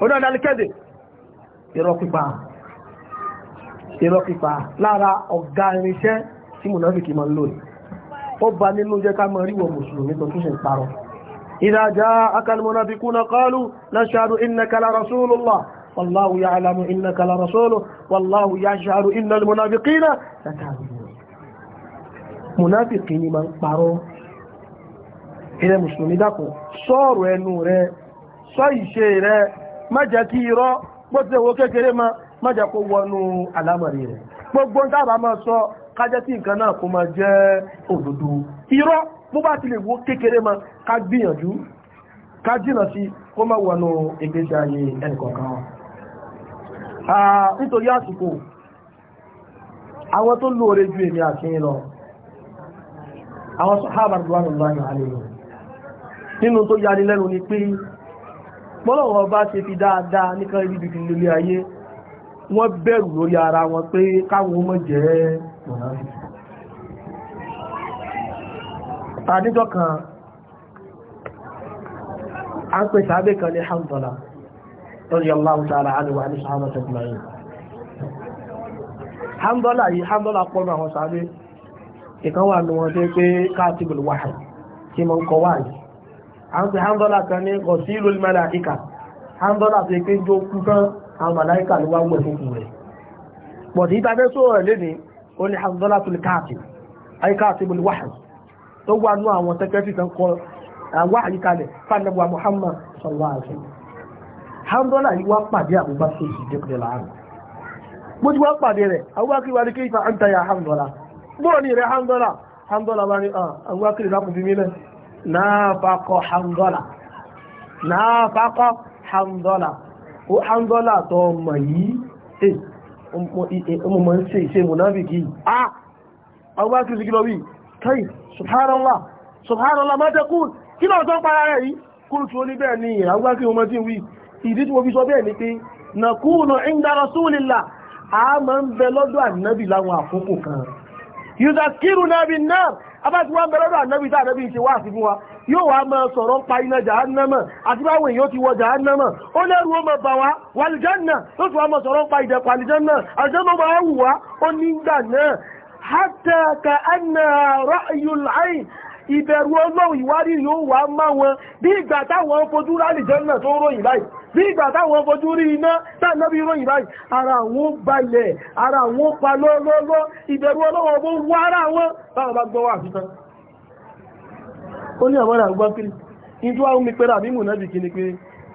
ọdún ọdún irọ́ pípa lára ọ̀gá irinṣẹ́ tí mùnáfíkì máa ń lò ní ó bá nínú jẹ́ ká máa ríwọ̀ mùsùlùmí tó túnṣe ń parọ́ idha ja'aka al-munafiquna qalu nashhadu innaka la rasulullah wallahu ya'lamu innaka ẹnu rẹ sọ ìṣe rẹ má jẹ́ kí irọ́ bó ti kékeré ma má jẹ́ kó wọnú àlámọ̀rí rẹ̀ gbogbo ń dábàá máa sọ kájẹ́ tí nǹkan náà kó máa jẹ́ òdodo irọ́ bó bá ti lè kékeré ma ká gbìyànjú ká jìnà sí kó má wọnú ìgbésí ayé ẹnìkọ̀ọ̀kan nítorí àsìkò àwọn tó ju èmi àti yín lọ àwọn nínú tó lẹ́nu ni pé bọ́lọ̀wọ́ bá ṣe fi dáadáa nìkan ibi ibi nílé ayé wọ́n bẹ̀rù lórí ara wọn pé káwọn mọ́ jẹ́ àníjọ́ kan a ń pè sàábẹ̀ kan ní Hanzala lórí Allah ta'ala alìwà ní sàábẹ̀ tẹ́gbìláyìn Hanzala yìí Hanzala pọ̀nù àwọn ìkan wà ní wọn tẹ́ pé káàtìbìl wáhà tí mọ́ ń kọ wáyìí à ń si handola kan ní gọ̀sílul màláíkà handola fi pé jó kú tán àwọn màláíkà ló wá wẹ̀ fún rẹ̀ pọ̀tí ìta fẹ́ sóhọ̀ lẹ́ni ó ní handola tó lè káàtì ayé bó lè wáhà tó wà nú àwọn sẹ́kẹ́tì kan kọ wáhà yìí kalẹ̀ Muhammad wa náàfakọ hanzọ́là náàfakọ hanzọ́là ó hanzọ́là tó mọ̀ yìí ọmọ mọ̀ ń ṣe ìṣe mùnáfìkì ah ọgbà kìí sí kí lọ wí kai subhanallah subhanallah ma taqul kí lọ tó ń para rẹ̀ yìí kúrù tí ó ní bẹ́ẹ̀ ni ìràgbá kí wọ́n ti wí ìdí tí mo fi sọ bẹ́ẹ̀ ni pé nàkúùnù inda rasulillah a máa ń bẹ lọ́dọ̀ abáti wọ́n bẹ̀rẹ̀ lọ́dọ̀ ànábì tá ànábì ṣe wá sí fún wa yóò wá máa sọ̀rọ̀ pa iná jahannama àti báwọn èèyàn ti wọ jahannama ó lẹ́rù ó máa bà wá wàlìjánà tó ti wá máa sọ̀rọ̀ pa ìdẹ̀kọ̀ àlìjánà àlìjánà máa wù wá ó nígbà náà hátà ka anna ìbẹ̀rù ọlọ́run ìwárí yóò wá máa wọn bí ìgbà táwọn fojú rálìjánà tó ròyìn báyìí bí ìgbà táwọn fojú rí iná tánàbí ròyìn báyìí ara àwọn balẹ̀ ara àwọn pa lọ́lọ́lọ́ ìbẹ̀rù ọlọ́wọ́ bó wá ara wọn báwọn bá gbọ́ wà fífẹ́ ó ní àwọn àgbà kiri ìjú àwọn mi pẹ́rẹ́ àbí mùnàbì kí ni pé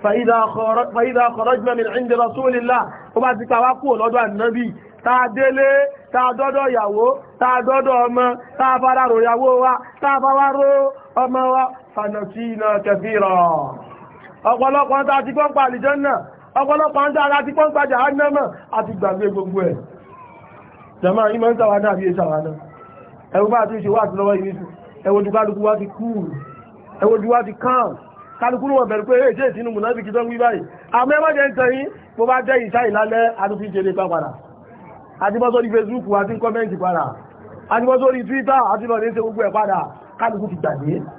fàídà kharajna min 'indi rasulillah ó bá ti pàwá kúrò lọ́dọ̀ ànábì táa délé táa dọ́dọ̀ ìyàwó táa wa táa fara rò ọmọ ọ̀pọ̀lọpọ̀ ń ta ti pọ́n pa àlìjọ́nà ọ̀pọ̀lọpọ̀ ń ta ti pọ́n pa jàánàmà àti gbàgbé gbogbo ẹ̀ jàmá ìmọ̀ ń sàwádà àbí ìṣàwádà ẹwọ bá ti ṣe wà tí lọ́wọ́ ìrísù ẹwọ ju kálukú wá ti kúù ẹwọ ju wá ti kàn kálukú ní wọ́n bẹ̀rù pé èyí ṣe ìsinú mùnà bí kìtọ́ ń wí báyìí àmọ́ ẹmọ́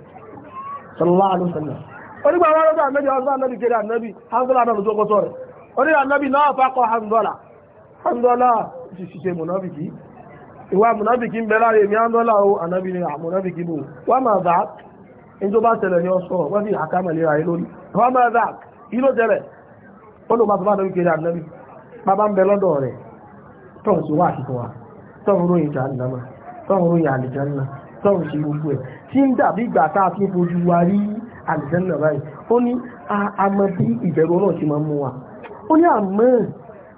sallallahu alaihi wasallam onígbà wọn lọ́dọ̀ ànábì ọ̀sán ànábì kiri ànábì hanzọ́lá náà lójú ọkọ̀tọ̀ rẹ̀ onígbà ànábì náà fakọ̀ mbela o ni àmùnábìkì bò tọ́run ṣe gbogbo ẹ̀ tí ń dàbí ìgbà tá a fi fojú wa rí àlìjẹ́nà báyìí ó ní àmọ́ bí ìbẹ̀rù ọlọ́run ti máa mú wa ó ní àmọ́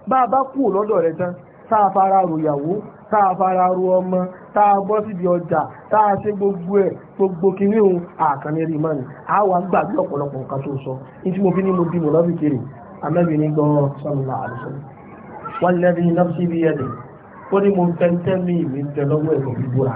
bá a bá kúrò lọ́dọ̀ rẹ tán tá a fara ro ìyàwó tá a fara ro ọmọ tá a bọ́ síbi ọjà tá a ṣe gbogbo ẹ̀ gbogbo kiri òun àkànnírí mọ́ ni a wà gbàgbé ọ̀pọ̀lọpọ̀ nǹkan tó sọ ní tí mo fi ní mo bímọ lọ́bì kiri àmẹ́bí ní gbọ́ sọ́nùlá àlùsọ wọ́n lẹ́bi nọ́ọ̀sì bí ẹ̀dẹ̀ ó ní mo fẹ́ tẹ́mi ìmí tẹ lọ́wọ́ ẹ̀rọ bíbúra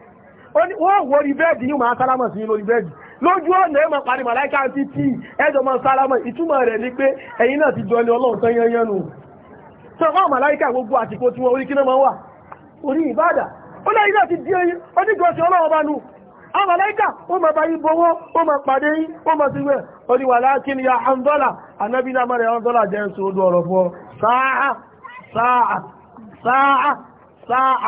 wọ́n wo orí bẹ́ẹ̀dì yóò máa sálámà sí lórí bẹ́ẹ̀dì lójú ọ̀nà ẹ̀ máa parí màláìka àti tí ẹjọ́ máa sálámà ìtumọ̀ rẹ̀ ní pé ẹ̀yin náà ti jọlẹ̀ ọlọ́run tán yányán gbogbo orí kí wà orí ìbàdà so sáà sáà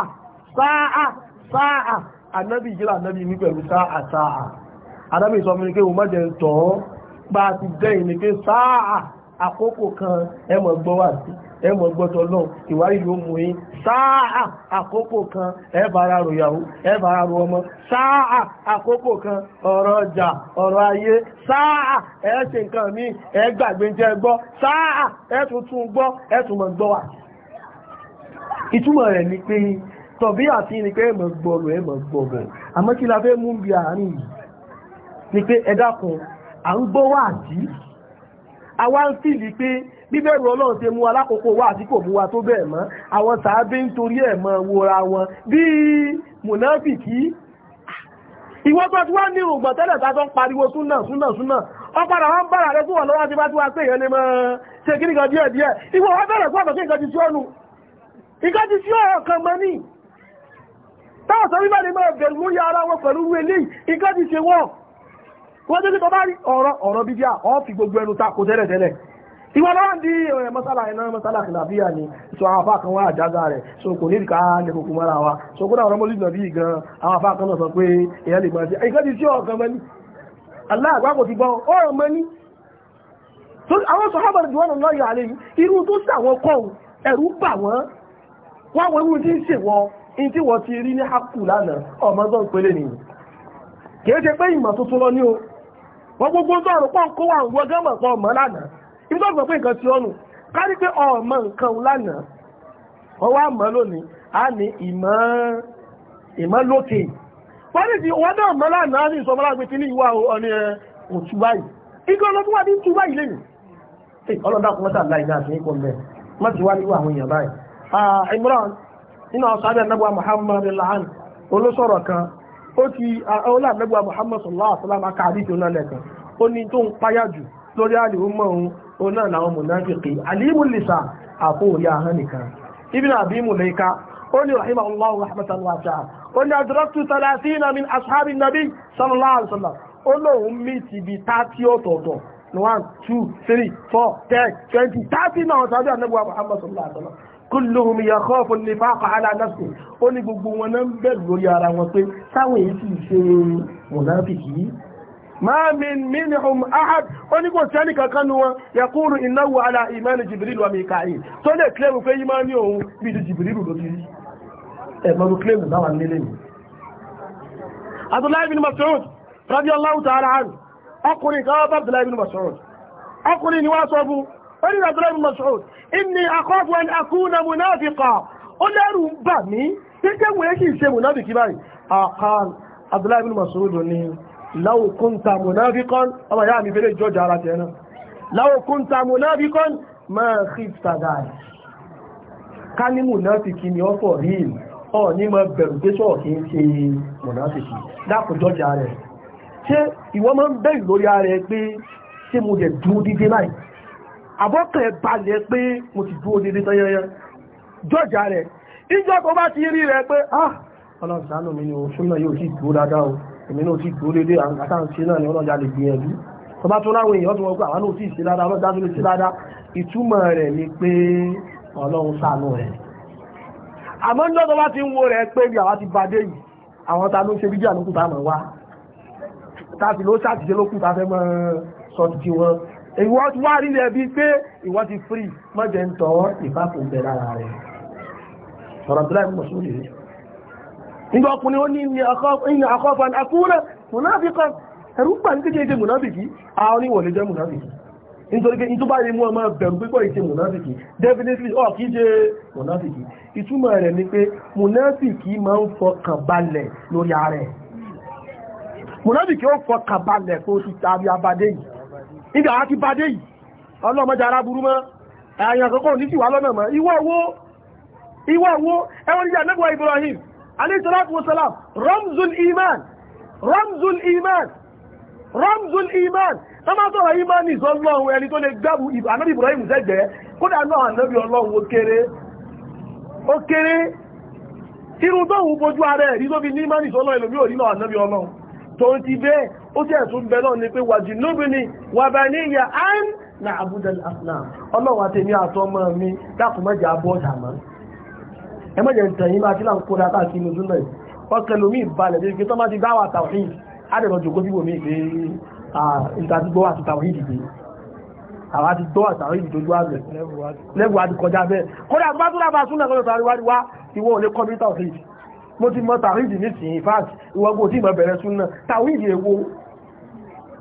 sáà sáà anábì ìjírà anábì ní pẹ̀lú sáà sáà anábì sọ fún mi pé mo má jẹ́ tọ́ bá a ti jẹ́ ìní pé sáà àkókò kan ẹ mọ̀ gbọ́ wà sí ẹ mọ̀ gbọ́tọ̀ náà ìwárí ló mú yín sáà àkókò kan ẹ bára rò yàwó ẹ bára rò ọmọ sáà àkókò kan ọ̀rọ̀ ọjà ọ̀rọ̀ ayé sáà ẹ nǹkan míì ẹ jẹ́ gbọ́ sáà ẹ gbọ́ ẹ gbọ́ wà. ìtumọ̀ rẹ̀ ni pé tọ̀bí àti ní pé ẹmọ̀ gbọ́rọ̀ ẹmọ̀ gbọ́rọ̀ àmọ́ kí la fẹ́ mú bí àárín yìí ni pé ẹ dákun à ń gbọ́ wà sí àwa ń fìlì pé bíbẹ̀rù ọlọ́run ṣe mú alákòókò wà tí kò mú wa tó bẹ́ẹ̀ mọ́ àwọn sàábé ń torí ẹ̀ mọ́ wora wọn bíi mùnáfìkì ìwọ́n tó ti wá ní ìrògbọ̀n tẹ́lẹ̀ tá a tó ń pariwo súnà súnà súnà ọpàdà wọn bára rẹ fún ọlọ́wọ́ ti bá tí wá pé èèyàn lè mọ́ ṣe kí nìkan díẹ̀ ìwọ̀n wọn bẹ̀rẹ̀ fún ọ̀tọ̀ sí nǹkan ti sí ọ̀nù nǹkan ti sí ọ̀kan mọ́ ní táwọn sọ wípé ní máa bẹ̀rù lórí ara wọn pẹ̀lú wẹ́lẹ́ ìkẹ́ ti ṣe wọ́n wọ́n tó ní tọ́ bá rí ọ̀rọ̀ ọ̀rọ̀ bíbí à ọ́ fi gbogbo ẹnu ta kò tẹ́lẹ̀ tẹ́lẹ̀ ìwọ lọ́wọ́ di mọ́sálà iná mọ́sálà kìlàbíyà ni so àwọn afá kan wá àjágá rẹ̀ so kò ní ìka lè kòkò mọ́ra wa so kó dáwọn mọ́lì nàbí gan àwọn afá kan náà sọ pé èyàn lè máa ṣe ẹ̀kọ́ ti tí ọ̀kan mẹ́ni aláàgbá kò ti gbọ́ ọ̀rọ̀ mẹ́ni àwọn sọ̀hábà ni wọ́n wọ́n wọ́n tí ń ṣèwọ́ in tí wọ́n ti rí ní hakù lánàá ọmọ tó ni kìí ṣe pé ìmọ̀ tuntun lọ ní o wọ́n gbogbo tó ọ̀rùn kó wà wọ́n pọ̀ ọmọ lánàá ibi tó gbọ́ pé nǹkan ti ọ̀nù kárí pé ọmọ nǹkan lánàá wọ́n wá mọ́ lónìí á ní ìmọ̀ ìmọ̀ lókè wọ́n ní ti wọ́n lánàá ní pé kí ní ìwà ọ̀nì nínú àwọn sábẹ́ anábọ̀ muhammad lahan olóṣọ̀rọ̀ kan ó ti ọlá anábọ̀ muhammad sallallahu alaihi wasallam aka àdìjọ náà lẹ́kan ó ní tó ń páyà jù lórí àlìwò mọ́ òun ó náà làwọn mùnáfíkì àlìmù lìsà àfọ òrí ahọ́n nìkan ibn abi mulaika ó ní rahimahullahu rahmatan wasi'a ó ní adraktu thalathina min ashabi nabi sallallahu one two three four ten twenty thirty náà sábẹ́ anábọ̀ muhammad sallallahu alaihi wasallam kulluhum yakhafu an-nifaqa ala nafsi ó ní gbogbo wọn náà ń bẹ̀rù lórí ara wọn pé sáwọn èyí sì ṣe mùnáfìkì ma min minhum ahad oni ko se ni kankan nu wọn yakunu innahu ala iman jibril wa mika'il tó lè claim pé imani ohun bí ti jibril ló ti e mo ru claim na wa nílé ni abdullah ibn mas'ud radiyallahu ta'ala anhu ọkùnrin kan bá abdullah ibn mas'ud ọkùnrin ni wá sọ fún orí abdullahi masoud inni akhafu an akuna munafiqa ó lẹ́rù ń bà mí tẹ́tẹ́ wọ́n kì í ṣe munafiki báyìí àkàn abdullahi masoud ni law kunta munafiqan ọmọ yáà mi fẹ́lẹ̀ jọjà ara tẹ̀ náà law kunta munafiqan máa kí tàdáì ká ní munafiki ni ọ́fọ̀ rí ọ̀ ní mọ bẹ̀rù pé sọ̀ kì í ṣe munafiki dákùn jọjà rẹ̀ ṣé ìwọ máa ń bẹ̀rù lórí ara ẹ pé ṣé mo dẹ̀ dúró dídé báyìí àbọ́kẹ̀ balẹ̀ pé mo ti dúró nílé tanyanya jọjà rẹ̀ ìjọ tó bá ti rí rẹ̀ pé ah ọlọ́run ṣàánú mi ni oṣù náà yóò sì dúró dáadáa o èmi náà sì dúró lélẹ̀ àtàǹṣe náà ni ọlọ́jà lè gbìyànjú tó bá tún láwọn èèyàn tó wọ́n pé àwọn náà sì ṣe dáadáa ọlọ́jà tó lè ṣe dáadáa ìtumọ̀ rẹ̀ ni pé ọlọ́run ṣàánú rẹ̀ àmọ́ ní ọ̀tọ́ bá ti ń wo rẹ̀ pé bí àwa ti bá dé yìí àwọn ta ló ń ṣe bí jà lókùtà mọ̀ wá ta sì ló ṣàtìṣe lókùtà fẹ́ mọ́ sọ ti wọn ìwọ tí wá rí lẹ́bí pé ìwọ ti fírí mọ́jẹ ń tọ́ ìbáfún bẹ̀ lára rẹ̀ ọ̀rọ̀ tó láì mọ̀sún yìí nígbà ọkùnrin ó ní ìní àkọ́fà àkúrẹ́ mùnáfíkọ́ ẹ̀rú pà ní kéje ìdè mùnáfíkì àwọn oníwọ̀ lè jẹ́ mùnáfíkì nítorí pé ìtúbà rí mú ọmọ bẹ̀rù pípọ̀ ìṣe mùnáfíkì definitely ọ̀ kìí ṣe mùnáfíkì ìtumọ̀ rẹ̀ ni pé mùnáfíkì máa ń fọkàn balẹ̀ lórí ara ẹ̀ mùnáfíkì ó fọkàn balẹ̀ kó ti tàbí abadé yìí níbi àwọn ti bàdé yìí ọlọ́mọdé aráburú mọ́ àyàn àkọ́kọ́ ní sí wà lọ́nà mọ́ ìwọ owó ìwọ owó ẹwọ́n Ibrahim alayhisalatu wasalam ramzul iman ramzul iman ramzul iman tọ́mọ́ iman ní sọ́lọ́run ẹni tó lè gbẹ́bù ànábì Ibrahim sẹ́gbẹ́ bójú ara tó fi ní iman ọlọ́run tó ti bẹ́ẹ̀ ó sì ẹ̀tún bẹ náà ni pé wàjì lóbi ni wà bá ní ìyà án na abudul aslam ọlọ́wà tèmi àtọmọ mi dákùn mẹ́jẹ abọ́ ṣàmọ́ ẹ mẹ́jẹ tẹ̀yìn máa kí láǹkó dáa káàkiri ojú náà ọkẹ lomi ìbalẹ̀ bí i tó má ti dáwà tàwíì adẹ̀rọ̀ jòkó síbò mi pé ìta ti gbọ́ àti tàwíì dìde àwọn àti gbọ́ àti tàwíì dìde kọ́ mo ti mọ tàwíì dì nísìnyí fáàtì ìwọ́gbọ̀n tí mo bẹ̀rẹ̀ súnlẹ̀ tàwíì dì èwo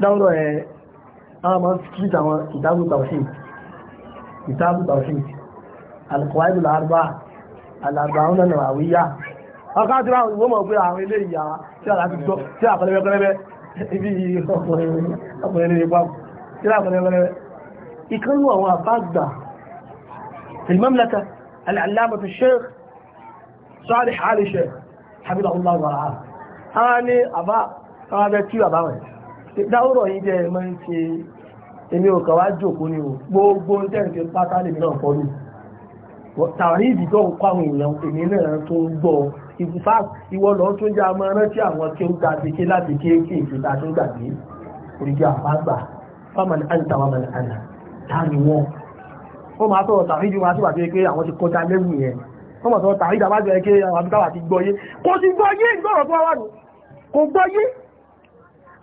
dáwọ́rọ̀ ẹ̀ àwọn ọmọ street àwọn kitabu tawhid kitabu tawhid alqawaid al-arba al-arba'un an-nawawiyya ọkà tí wọ́n mọ̀ pé àwọn ilé ìyá tí a láti gbọ́ tí a pẹlẹbẹ pẹlẹbẹ ibi ọkùnrin ní ipa tí a pẹlẹbẹ pẹlẹbẹ ìkan ní àwọn dáwọ́rọ̀ yìí jẹ́ ẹ̀mọ́ ń ṣe èmi ò kàwá jòkó ni o gbogbo ń tẹ́ ìfẹ́ pátá lè mìíràn fọ́lù tàwọn ìdí tó ń kọ́ àwọn èèyàn èmi náà tó ń gbọ́ ìfúfá ìwọ lọ tó jẹ́ àmọ́ rántí àwọn tí ó ta àtìké láti kéékèèké ta tó gbàgbé oríṣi àfáàgbà fáwọn àǹtà wọn àná ta ni wọn. ó máa sọ̀rọ̀ tàwọn ìdí wọn àti wàtí pé àwọn ti kọjá lẹ́wù yẹn wọ́n mọ̀ sọ̀rọ̀ tàwọn ìdí àbájọ ẹ̀kẹ́ àwọn àbíkáwà ti gbọ́yé kò sì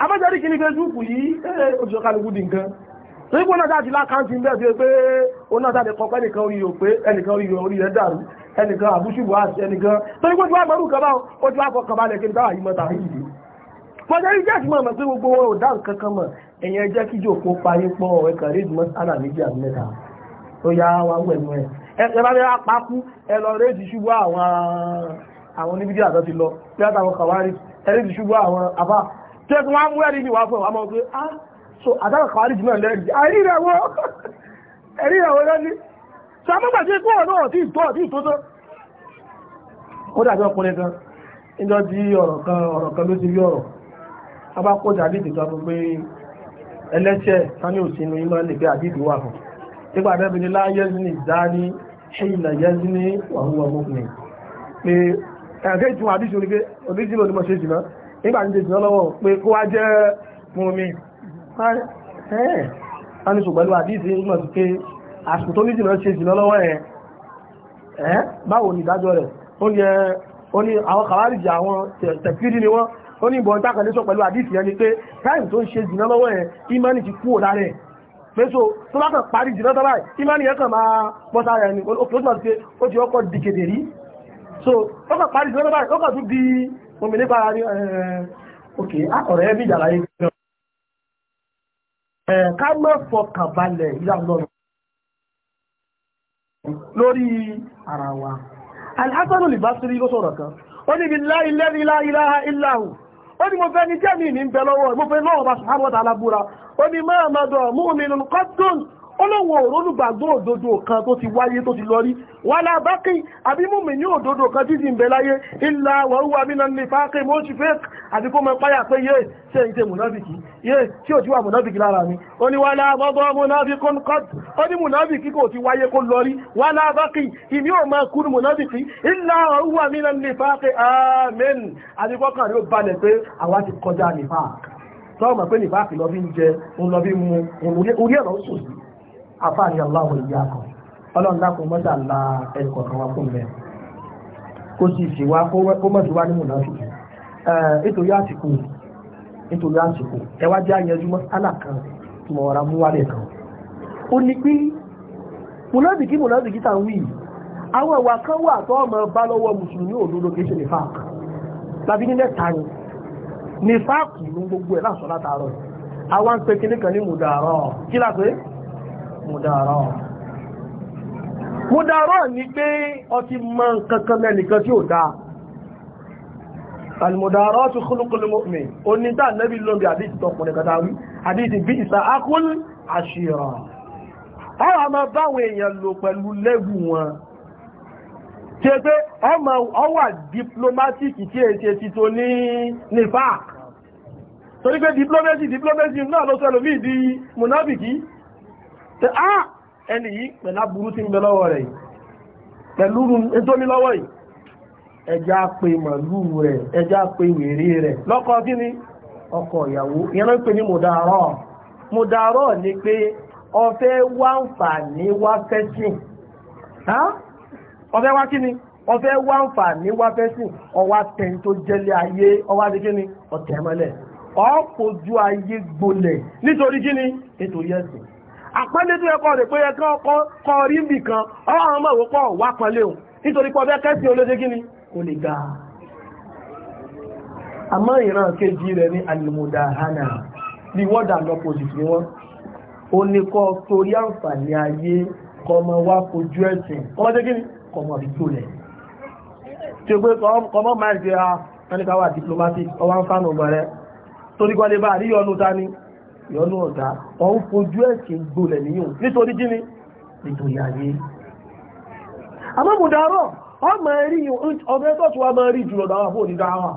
abájáde kìíní Facebook yìí ẹ̀ẹ́ eh, òṣìṣẹ́ kálukú di nǹkan torí pé náà ti lákàntì bẹ́ẹ̀ tó yẹ pé ó náà sáde kọ́ pé ẹnìkan orí yòó pé ẹnìkan orí yòó orí rẹ̀ dàrú ẹnìkan àbúṣùbù àti ẹnìkan torí pé tí wọ́n gbọ́rù kaba ó ti wá fọ kaba lẹ́kẹ́ ní táwọn yìí mọ́ta yìí yìí mọ́jọ́ yìí jẹ́ ìtumọ̀ mọ̀ pé gbogbo wọn ò dá nǹkan kan mọ̀ ẹ̀yẹn jẹ́ kíjì òkú payé pọ̀ ẹ̀kan rí ìdùnmọ́ sára méjì àti mẹ́ta tó yá wa wẹ̀ nù ẹ̀ ẹ̀bá ní apákú ẹ lọ rédì ṣubú àwọn oníbídí àtọ́ ti lọ bí àtàwọn kàwárí ẹ rédì ṣubú àwọn àbá tí ẹkùn wá mú ẹ̀rí ní wà fún ọmọ pé Ah, so àtàkà kàwárí jù náà lẹ́rí àìrí rẹ̀ wọ́n ẹ̀rí rẹ̀ wọ́n lẹ́ni so amúgbà tí kú ọ̀nà ọ̀tí ìtọ́ ọ̀tí ìtótó ó dàbí ọkùnrin kan níjọ́ tí ọ̀rọ̀ kan ọ̀rọ̀ kan ló ti rí ọ̀rọ̀ a bá kó jà àdìdì kan pé ẹlẹ́ṣẹ̀ sani òsínú yìí máa ń lèbẹ́ àdìdì wà fún nígbà tẹ́bi ní láyẹ́sìn ìdáni ṣẹ́yìn yẹ́sìn wàhúwà mọ́kùnrin pé ẹ̀kẹ́ ìtumọ̀ àdìsí onígbé onígbé onímọ̀ ṣe jù náà nígbà jẹ́ lọ́wọ́ pé kó wá jẹ́ mọ́mí ẹ́ẹ̀ wọ́n ni ṣùgbọ́n lọ́wọ́ àdíjì ìgbọ̀n ti pé àsìkò tó ní jìnà ṣe jìnà lọ́wọ́ ẹ̀ ẹ́ báwo ni ìdájọ́ rẹ̀ ó yẹ ó ní àwọn kàwárìjì àwọn tẹ̀kìrì ni wọ́n ó ní ìbọn tákàlẹ́ sọ pẹ̀lú àdíjì yẹn ni pé táìmù tó ń ṣe jìnà lọ́wọ́ ẹ̀ ìmánì ti kúrò lára ẹ̀ pẹ́sọ tó bá kàn parí jìnà tọ́lá ìmánì yẹn kàn máa bọ́ sára ẹni ó ti so ó kàn parí jìnà tọ́lá ó fún mi nípa òkè eh, ọ̀rẹ́ ẹbí ìjà láyé gbé eh, ẹ̀ ká mọ́ fọkàn balẹ̀ ìyá ọlọ́run lórí ara wa alhassan olùbásírí ló sọ̀rọ̀ kan ó níbi láìlẹ́rí láìláha ìláhù ó ní mo fẹ́ ní jẹ́mì ní ń bẹ lọ́wọ́ mo fẹ́ lọ́wọ́ bá sùn olóhun òrò olùgbàgbọ́ òdodo kan tó ti wáyé tó ti lọ rí wà lábákí àbí múmi ní òdodo kan tí ìsìn bẹ̀láyé ilá wàúwà mínà ní fàákì mọ́ sí fẹ́ àti kó mọ́ páyà pé yé ṣe ń ṣe mùnábìkì yé tí ò ti wà mùnábìkì lára mi ó ní wà lábọ́bọ́ mùnábìkì kọ́t ti wáyé kó lọ wà lábákí ìní amen àti kọ́kàn rí ó balẹ̀ pé àwa ti kọjá ní fàákì tọ́ọ̀mà pé ní afáàní aláwọ̀ ìyá kan ọlọ́run dákun mọ́sà la ẹnì kọ̀ọ̀kan wa fún bẹ́ẹ̀ kó sì sì wá kó mọ̀ sí wá ní mùnà fìdí nítorí àsìkò nítorí àsìkò ẹ wá jẹ́ àyẹ̀jú mọ́sálà kan tí mo rà mú wálé kan ó ní pé mùnàbìkí mùnàbìkí tà ń wí àwọn ìwà kan wà tó ọmọ bá lọ́wọ́ mùsùlùmí òdodo kì í ṣe nìfàkì tàbí ní mẹ́ta ni nìfàkì ní gbogbo ẹ̀ láṣọ látàárọ̀ àwọn pé ní mùdàrọ̀ kí lápẹ́ mùdàrọ̀ mùdàrọ̀ ní pé ọtí mọ́ kankan mẹ́nìkan tí ó dá alìmùdàrọ̀ tó khuluqul mu'min onídà nẹ́bí lóbi àdíjì tọkùnrin kàtàwí àdíjì bí ìsà akún àṣírà ọwà ma báwọn èèyàn lò pẹ̀lú lẹ́gùn wọn tí é pé ọwà diplomatiki tí èsì èsì tó ní nífà torí pé diplomacy diplomacy náà ló sọ ẹlòmíì di munafiki pé á ẹni yìí pẹ̀lá burú tí ń bẹ lọ́wọ́ rẹ̀ pẹ̀lú nítorí lọ́wọ́ yìí ẹja pé màlú rẹ̀ ẹja pé wèrè rẹ̀ kí ni ọkọ ìyàwó ìyẹn ló ń pè ní mùdàrọ̀ mùdàrọ̀ ni pé ọfẹ́ wá ń fà ní wá fẹ́ sìn ọfẹ́ wá kí ni ọfẹ́ wá ń fà ní wá fẹ́ ọwá tó jẹ́lé ayé ọwá di kí ni ayé gbolẹ̀ nítorí kí àpọ́nlé tó ẹkọ́ rẹ̀ pé ẹkọ́ kọ́ rí bì kan ọlọ́run mọ̀ wọ́pọ̀ wá pọ́nlé òun nítorí pọ́ bẹ́ kẹ́sì olóde gíní kò lè ga àmọ́ ìran kejì rẹ̀ ní alimudahana bí wọ́dà lọ́pọ̀sìtì ni wọ́n ó ní kọ́ torí àǹfààní ayé kọmọ wá fojú ẹ̀sìn kọmọ dé gíní kọmọ rí tó lẹ̀ tí ó gbé kọmọ máa ń ṣe ha ah, wọn ní ká wà diplomatic ọwọ́ ń fánà ọgbà rẹ̀ torí kọ́ lè bá àríyànú ta ni ìyọnú ọ̀gá ọ̀hún fojú ẹ̀sìn gbolẹ̀ níyùn nítorí jíní nítorí ayé amábùdárọ̀ ọmọ ẹ̀rí ọmọ ẹ̀tọ́ tí wá máa rí jùlọ dáwà fún òní dáwà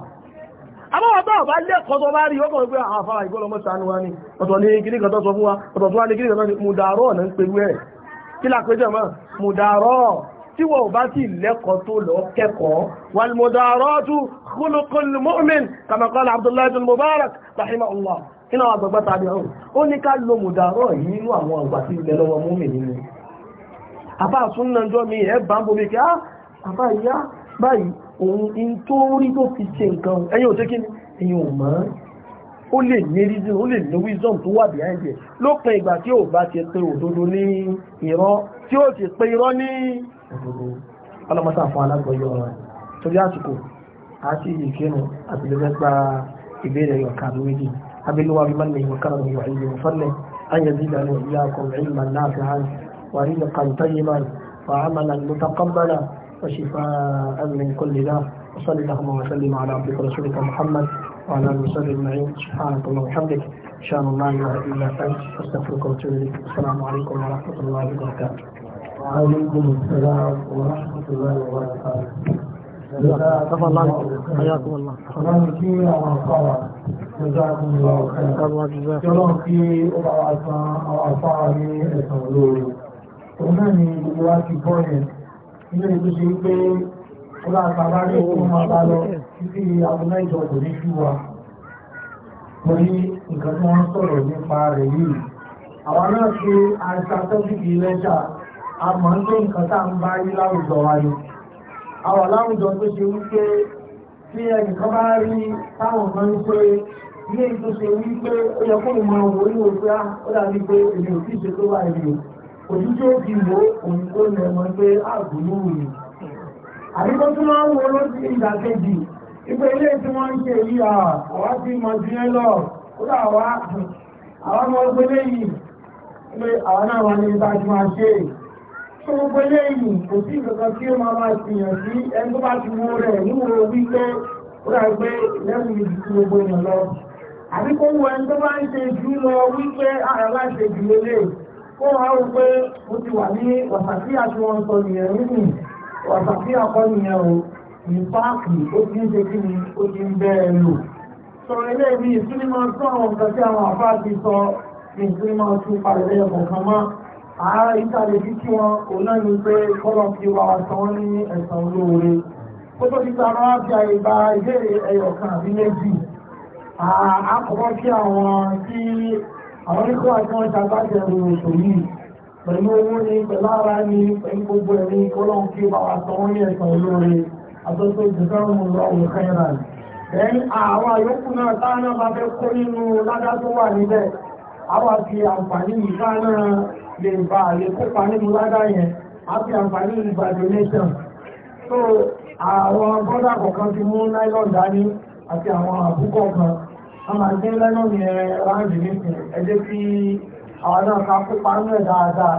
àbáwọ̀ tó àbá lẹ́kọ̀ọ́ tó bá rí ọkọ̀ wípé àwọn ah, afárá ìgbọ́lọmọ́ sánú wa ní ọ̀tọ̀ ní kíní kan tó sọ fún wa ọ̀tọ̀ tó wá ní kíní kan tó ní mùdárọ̀ náà ń pẹ̀lú ẹ̀ kí tí wọ́n bá sì lẹ́kọ̀ọ́ tó lọ kẹ́kọ̀ọ́ wal mudaratu khuluqul mu'min kama qala Abdullah bin Mubarak rahimahullah nínú àwọn àgbàgbà tàbí ọ̀hún ó ní ká lo mùdàrọ̀ yìí nínú àwọn àgbà tí ilẹ̀ lọ́wọ́ mú mi nínú àbá àsúnnàjọ́ mi ẹ̀ bá ń bomi kí á ah, àbá ìyá báyìí òun in tó rí tó fi ṣe nǹkan ẹ̀yìn òṣè ni ẹ̀yìn ò mọ́ ó lè ní reason ó lè ní wisdom tó wà behind ẹ̀ lópin ìgbà tí ò bá ti pe òdodo ní irọ́ tí ó ti pe irọ́ ní òdodo ọlọ́mọta fún alágbọ̀yọ́ rẹ̀ torí àsìkò àti ìkírun àti lè gba ìbéèrè ọ̀kà méjì أبلوا ومنه وكرمه وعلمه وفضله أن يزيدنا إياكم علما نافعا ورزقا طيبا وعملا متقبلا وشفاء من كل داء وصل اللهم وسلم على عبدك ورسولك محمد وعلى اله وصحبه اجمعين سبحانك اللهم وبحمدك شاء الله لا اله الا انت استغفرك واتوب اليك السلام عليكم ورحمه الله وبركاته وعليكم السلام ورحمه الله وبركاته كفى الله حياكم الله Ìjọ́kùn ìwà ọ̀kẹ́ ìjọ́lọ́n kí ó bá wà sán àwọn afárá ní ẹ̀sàn olóorí. Òun náà ni ìwà ti bọ́yẹ̀. Ilé ìlú ṣe pé ó láta bá rí òun máa bá lọ títí àwọn mẹ́jọ kò ní sí wa. Torí nǹkan tí wọ́n sọ̀rọ̀ nípa rẹ̀ yìí. Àwọn náà ṣe àìsàn tọ́jú a mọ̀ ń tó nǹkan tá ń bá rí láwùjọ wa àwọn aláwùjọ tó ṣe wípé tí ẹnìkan bá rí táwọn kan ń pé ilé tó ṣe wípé ó yẹ kó mọ owó ní òpé ah, ó dàbí pé èmi ò tíì ṣe tó wà èmi òjú tí ó fi wò òun tó lẹ mọ pé àgbòlú rè àríkó tí wọ́n ń wo ló ti ìdàkejì ipe ilé tí wọ́n ń ṣe yìí à ah, àwa ti mọ ju ẹ lọ ó dà wá àwọn ọmọ ọgbẹ́lẹ́yìn pé àwa náà wà ní ìbájú máa ṣe tó gbogbo ilé ìlú kò sí ìkankan tí ó máa máa fìyàn sí ẹni tó bá ti wo rẹ̀ níwò wípé ó rà pé lẹ́rù mi ti gbogbo èèyàn lọ àbí kó wo ẹni tó bá ń ṣe jù lọ wípé ara ah, bá ṣe jù lélẹ̀ kó wá rò pé ó ti wà ní wàsàkí àti wọn sọ nìyẹn nínú wàsàkí àkọ́ nìyẹn o ní páàkì ó ti ń ṣe kí ni ó ti ń bẹ́ẹ̀ lò sọ̀rọ̀ ilé mi ìsúnímọ̀ sọ̀rọ̀ nǹkan tí àwọn àfáà ti sọ ní ìsúnímọ̀ ààrẹ ìtàlẹ̀ bí kí wọn kò náà ní pé kọ́lọ̀ fi wà sàn ní ẹ̀sàn olóore kó tó ti ta máa fi àyè gba ìbéèrè ẹyọ kan àbí méjì àkọ́kọ́ kí àwọn tí àwọn oníkó àti wọn ṣàgbàjẹ̀rù ètò yìí pẹ̀lú owó ní pẹ̀lú ara ní pẹ̀lú gbogbo ẹ̀rí kọ́lọ̀ fi wà sàn ní ẹ̀sàn olóore àtọ́tọ́ ìdíkàrùn ọ̀rọ̀ kẹrìnà ẹni àwọn àyókù náà táwọn náà bá fẹ́ kó nínú ládá tó wà níbẹ̀ àwọn àti àǹfààní ìfáà náà lè bá lè kópa nínú ládá yẹn àti àǹfààní ìgbà donation so àwọn bọ́dà kọ̀ọ̀kan ti mú nylon dání àti àwọn àbúkọ̀ kan a máa gbé nylon yẹn ráńdì nísìn ẹ jẹ́ kí àwọn náà ká kópa nínú ẹ̀ dáadáa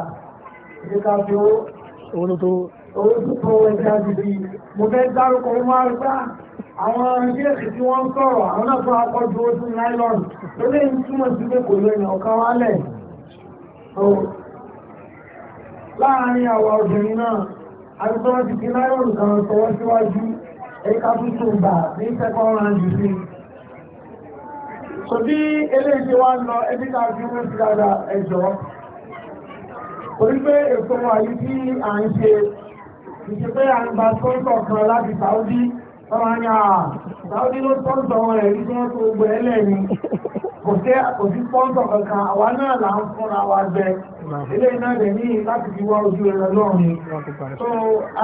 ẹ jẹ́ ká fi owó tó owó tó tó ẹja dìbì mo fẹ́ dárúkọ ó máa gbá àwọn ilé-èsì tí wọ́n ń sọ̀rọ̀ àwọn náà fún akọ́jú ó nylon lórí ìtumọ̀ sí pé kò lóyìn ọ̀kan wálẹ̀ láàárín àwa obìnrin náà agbẹ́sọ́wọ́ ti fi láyọ̀nù kan sọwọ́ síwájú ẹ̀ka tuntun bà ní second round sí so bí eléyìí wá ń lọ ẹbí ká fi wọ́n sí dáadáa ẹjọ́ orí pé èso wàyí tí à ń ṣe ìṣe pé à ń gba sọ́ńtọ̀ kan láti Saudi tọ́lá ní àà Saudi ló sọ́ńtọ̀ wọn ẹ̀rí tí wọ́n tó gbẹ̀ẹ́lẹ̀ ni kò tẹ́ kò sí pọ́ńtọ̀ kankan àwa náà là ń fúnra wa jẹ ilé iná rẹ̀ ní láti fi wá ojú rẹ̀ lọ́rùn so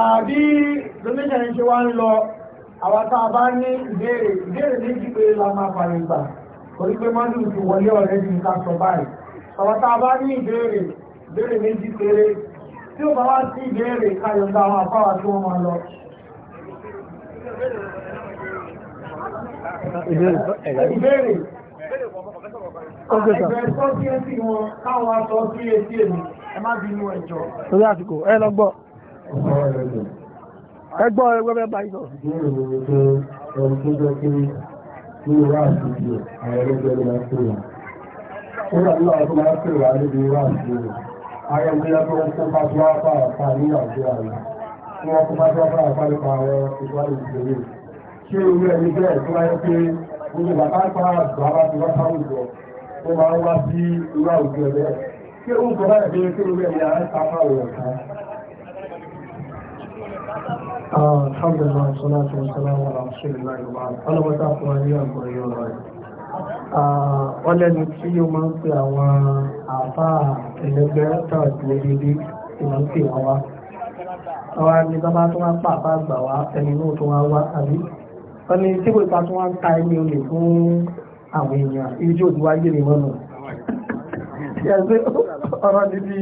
àbí donation ń ṣe wá ń lọ àwa tá a bá ní ìbéèrè ìbéèrè méjì pé la máa fààyè gbà torí pé mọ́jú ti wọlé ọ̀rẹ́ ti ká sọ báyìí àwa tá a bá ní ìbéèrè ìbéèrè méjì péré tí ó bá wá sí ìbéèrè káyọ̀ǹda àwọn àfáwà tí wọ́n máa lọ ìbéèrè Torí àsìkò, ẹ lọ gbọ́. Ẹ gbọ́ ẹgbẹ́ bá ìsọ̀. Àwọn ìgbéyà tó ń kó bá tó wá pàápàá ní àjẹ́ àyà. Wọ́n kó bá tó wá pàápàá nípa àwọn ìwádìí ìgbèrè. Ṣé orí ẹni bẹ́ẹ̀ tó wáyé pé gbogbo bàbá pàápàá bàbá ti wá sáwùjọ ó máa ń wá sí irú àwùjọ rẹ̀ kí ó ń kọ́ láti fi kí ó rẹ̀ ní àárín apá rẹ̀ kan. Alhamdulillah, salatu wa salamu ala Rasulillah wa ala ọlọ́wọ́ta fún wa ní àgbọ̀ yóò rọ̀ yìí. Wọ́n lẹ́nu tí ó máa ń pe àwọn àbá ẹlẹgbẹ́ tàbí orílẹ̀-èdè tí máa wá. Àwọn àmì bàbá tó wá pàpá àgbà wá ẹni náà tó wá wá àbí. Wọ́n ní tí kò ipa tó wá ń ta ẹni olè fún àwọn èèyàn ibi tí ó ti wá gbé mọ́nà yẹ́sẹ́ ọ̀rọ̀ ní bí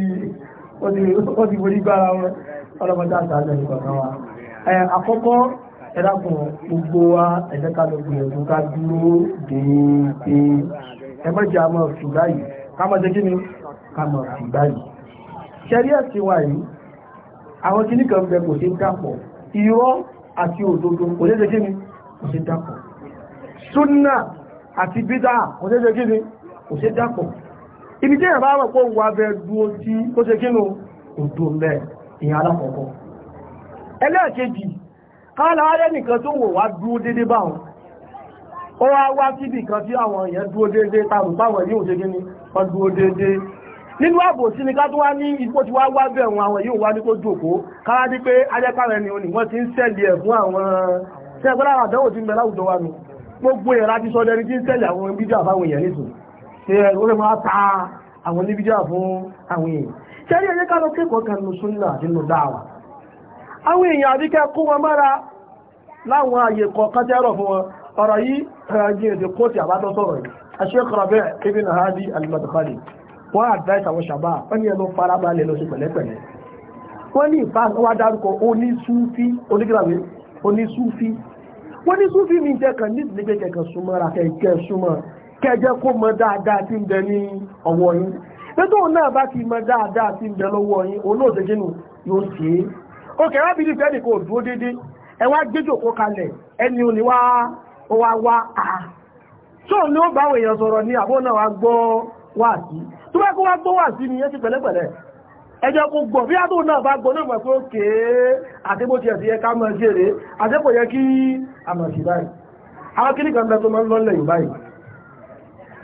ó ti borí gbára wọn ọlọ́mọdé àtàlẹ̀ nìkan wa àkọ́kọ́ ẹ̀dàkùn gbogbo wa ẹ̀jẹ̀ ká lọ gbìyànjú ká dúró déédé ẹ má jẹ́ àmọ́ fi báyìí ká má jẹ́ kí ni ká má fi báyìí ṣẹ́rí ẹ̀sìn wa yìí àwọn kìíní kan bẹ kò sí dàpọ̀ irọ́ àti òdodo kò jẹ́ kí ni kò sí súnà àti bídá kò ṣe ṣe kí ni kò ṣe dápọ̀ ibi tí ìyàbá rọ̀ pọ̀ wà bẹ dúó tí ó ṣe kí ni òdò mẹ́ ìyàn alákọ̀ọ́kọ́ ẹlẹ́ẹ̀kejì káàlà arẹ́ nìkan tó wò wá dúó dédé bá wọn ó wá wá síbi kan tí àwọn èèyàn dúó dédé tàbí báwọn yóò ṣe kí ni wọ́n dúó dédé nínú ààbò sí ni ká tó wá ní ipò tí wá wá bẹ̀ wọn àwọn yóò wá ní kó jókòó káwá ní pé ajẹ́pàrẹ ni òní wọ́n ti ń sẹ́lẹ̀ ẹ̀ fún àwọn ṣẹ́gbọ́n àwọn àdánwò ti ń bẹ láwùjọ wa nù gbogbo yẹn láti sọ dẹni tí ń tẹ̀lé àwọn bídíà fáwọn èèyàn nìtò ṣe ó máa ta àwọn oníbídíà fún àwọn èèyàn ṣe rí ẹ̀yẹ́ kálọ kẹ́kọ̀ọ́ kan nù súnà nínú dáwà àwọn èèyàn àbí kẹ́kọ́ wọn mára láwọn àyè kọ̀ọ̀kan tẹ́rọ̀ fún wọn ọ̀rọ̀ yìí ẹ̀rọ̀jì sọ̀rọ̀ yìí Hadi wọ́n àwọn ṣàbá wọ́n lọ sí pẹ̀lẹ́pẹ̀lẹ́ wọ́n ní ìfà wọ́n onígbàgbé wọ́n ní súnfì mi jẹ́ kan ní ìdílé kẹ̀kẹ́ súnmọ́ ra kẹ̀kẹ́ súnmọ́ kẹjẹ́ kó mọ dáadáa tí ń bẹ ní ọwọ́ yín pẹ́tọ́ òun náà bá ti mọ dáadáa tí ń bẹ lọ́wọ́ yín òun náà ṣe kínú yóò ṣe é òkè wá bí nífẹ̀ẹ́ nìkan ò dúró dédé ẹ wá gbẹ́jọ kó kalẹ̀ ẹni òní wá wá wá a tó ní ó bá àwọn èèyàn sọ̀rọ̀ ní àbó náà wá gbọ́ wá sí tó bá kó wá gbọ́ wá sí ni ẹ ti pẹ̀lẹ́pẹ̀lẹ́ ẹjọ́ kó gbọ̀ bí àtò náà bá gbọ́ náà mọ̀ pé ó kéé àti bó ti ẹ̀sì yẹ ká mọ̀ sí èrè àti kò yẹ kí a mọ̀ sí báyìí àwọn kí nìkan tó máa ń lọ́lẹ̀ yìí báyìí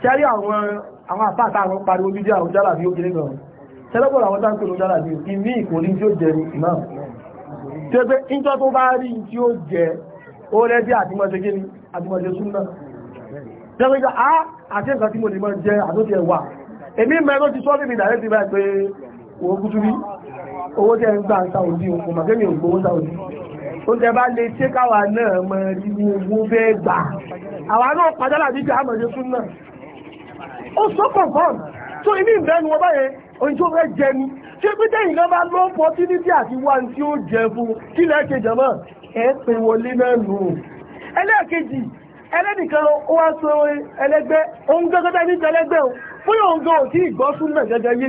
ṣẹ́rí àwọn àwọn àpáàtà àwọn pariwo bídí àwọn jálà bí ó kéré gan ṣẹlẹ́pọ̀ àwọn tá ń pèrò jálà bí ìmí ìkòrí tí ó jẹ ní ìmá tí ó pé ìjọ tó bá rí tí ó jẹ ó rẹ́ bí àtìmọ̀ṣe kí ni àtìmọ̀ṣe súnmọ́ jẹ́ pé àti nǹkan tí mo lè mọ jẹ àtúntì ẹ̀wà èmi mẹ́rin ó ti sọ́ọ́ níbi ìdàrẹ́ ti báyìí pé wo kútú bí owó tẹ́ ń gbà ń sa òdì òkú màkẹ́ mi ò gbowó sa òdì ó tẹ́ bá lè ṣe káwa náà mọ rí ní owó fẹ́ gbà àwa náà padà láti jẹ́ àmọ̀ ṣe fún náà ó sọ kọ̀ọ̀kan tó inú ìbẹ́nu wọn báyẹn ohun tí ó fẹ́ jẹ ni ṣé pé tẹ́yìn náà bá lọ́ pọ̀ títí tí àti wá ní tí ó jẹ fún kí lẹ́ẹ̀ ṣe ẹ pé wọlé náà nù ẹlẹ́ẹ̀kejì ẹlẹ́nìkan ó wá sọ ẹlẹ́gbẹ́ ohun gẹ́gẹ́ tẹ́ ní tẹ́lẹ́gbẹ́ o fúnyà òun gan ò tí ì gẹ́gẹ́ yé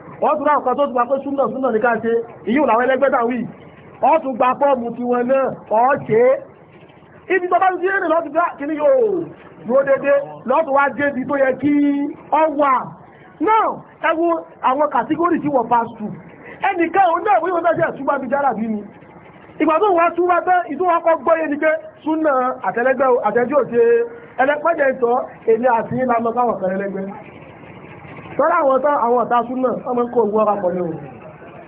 wọ́n tún láǹkan tó tún gba pé súnà súnà ní ká ṣe ìyíò làwọn ẹlẹ́gbẹ́ tà wí wọ́n tún gba fọ́ọ̀mù tiwọn náà ọ̀ ṣe é ibi tó bá ti rìn lọ́tún bá kí ni yóò dúró déédéé lọ́tún wá dé ibi tó yẹ kí ọ wà náà ẹ wo àwọn kàtígórì tí wọ́n pass through ẹnìkan òun náà wíwọ́n náà jẹ́ àtúbà bíi dára bí ni ìgbà tó wá túbá tán ìtúwọ́kọ́ gbọ́yé ni pé súnà àtẹlẹgbẹ́ àtẹjọ́ ṣe ẹlẹ́pẹ́jẹ́ ìtọ́ èmi àti ìlànà káwọn kan ẹlẹ́gbẹ́ tọ́lá àwọn tán àwọn ọ̀tá súnà ọmọ kó owó ọ̀rọ̀ pọ̀lú o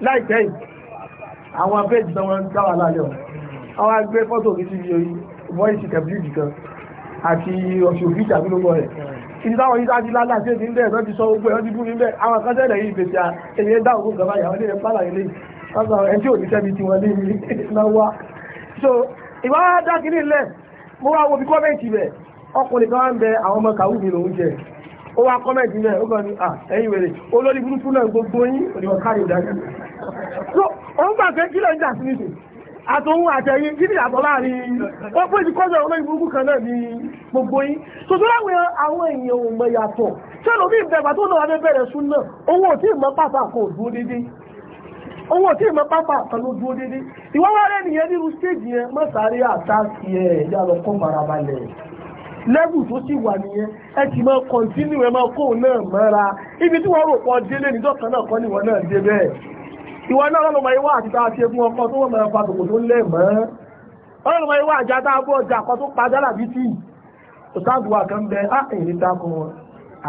láìpẹ́ yìí àwọn abẹ́jì tán wọ́n ń dá wà lálẹ́ ọ̀ àwọn agbẹ́ fọ́tò mi ti yọ voice kẹ̀bílì kan àti ọ̀sùn òbí tàbí lóko rẹ̀ ibi táwọn yìí sáájú lálá sí èdè ńbẹ̀ lọ́ti sọ gbogbo ẹ̀ bí kọ́mẹ̀ntì bẹ̀ ọkùnrin kan ń ó wá kọ́mẹ̀tì náà ó kàn ní à ẹ̀yìn wèrè olórí burúkú náà gbogbo yín òdìwọ̀n kárí ìdájọ́ so òun gbà pé kílẹ̀ ń jà sí nìṣẹ́ àtòun àtẹ̀yìn kí ni àtọ̀ láàrin ó pé ti kọ́jọ olórí burúkú kan náà ní gbogbo yín so tó láwọn àwọn èèyàn ò mọ yàtọ̀ ṣé ló bí ìbẹ̀gbà tó náà wà bẹ̀rẹ̀ sún náà owó tí ìmọ̀ pàpà kò dúró dédé owó tí ìmọ̀ pàpà kan ló dúró dédé ìwọ́wọ́ rẹ̀ nìyẹn nírú stéèjì yẹn mọ́sàárì àtàkì ẹ̀ ìjà lọ kọ́ marabalẹ̀ lẹ́wù tó sì wà nìyẹn ẹ ti máa kọ̀ntínú ẹ máa kóun náà mọ́ra ibi tí wọ́n rò pọ̀ délé níjọ́ kan náà kọ́ níwọ̀ náà dé bẹ́ẹ̀ ìwọ náà lọ́mọ ìwà àti tàà ṣe fún ọkọ tó wọ́n máa fa tòkò tó lẹ̀ mọ́ ọlọ́mọ ìwà àjà tá a bọ́ ọjà kan tó pa dálà bí tí òsáàbù wa kan bẹ á èrè takùn wọn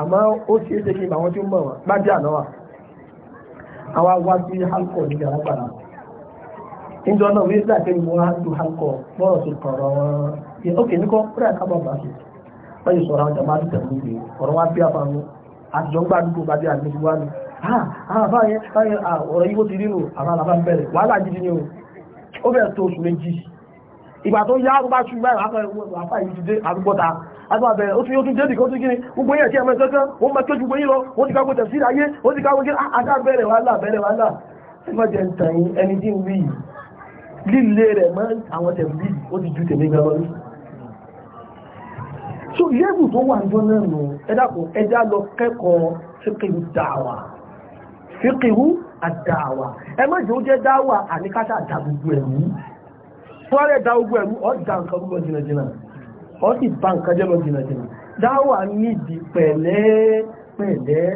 àmọ́ ó ṣeé ṣe kí àwọn tí ó mọ̀ wọn bá dé àná wa àwa wá sí alcohol ní ìjọba níjọ náà wíṣà tẹ́lẹ̀ mú alcohol bọ́ọ̀ tó kọ̀ọ̀rọ̀ wọn pé ókè ní kọ́ kúrẹ́ àkábọ̀ bá ṣe wọ́n yìí sọ̀rọ̀ àwọn jàmbá ti tẹ̀lé ìgbé ọ̀rọ̀ wá bí àfààní àjọ ń gbàdúgbò bá bí àgbègbè wá ní àfààyẹ ọ̀rọ̀ yìí ó ti rí nù àwọn àlàfà ń bẹ̀rẹ̀ wàhálà gidi ni o ó bẹ̀rẹ̀ tó oṣù méjì ìgbà tó yá bá ṣú báyìí àfà yìí ti dé àdúgbọ́ta àgbà bẹ̀rẹ̀ ó ti yóò tún dé nìkan ó ti gíní gbogbo yẹn tí ẹ̀mọ ẹ̀sẹ̀ kan ó máa tójú gbogbo yín lọ ó ti ká gbogbo tẹ̀sí ayé ó ti ká gbogbo ajá bẹ̀rẹ̀ wàhálà bẹ̀rẹ̀ wàhálà ẹ má jẹ ntàn yín ẹni tí ń wí yìí líle rẹ̀ mọ́ àwọn tẹ̀lé ó ti ju tèmi gbẹ so lẹ́bù tó wà jọ náà nù ẹ̀dàkùn ẹja lọ kẹ́kọ̀ọ́ fíkìwú dáwà fíkìwú àdáwà ẹ má jẹ́ jẹ́ dáwà àníkátà dá gbogbo ẹ̀mú fún ààrẹ dá gbogbo ẹ̀mú ọ́ dá nǹkan gbogbo jìnnàjìnnà ọ́ sì bá nǹkan jẹ́ lọ jìnnàjìnnà dáwà nídìí pẹ̀lẹ́ pẹ̀lẹ́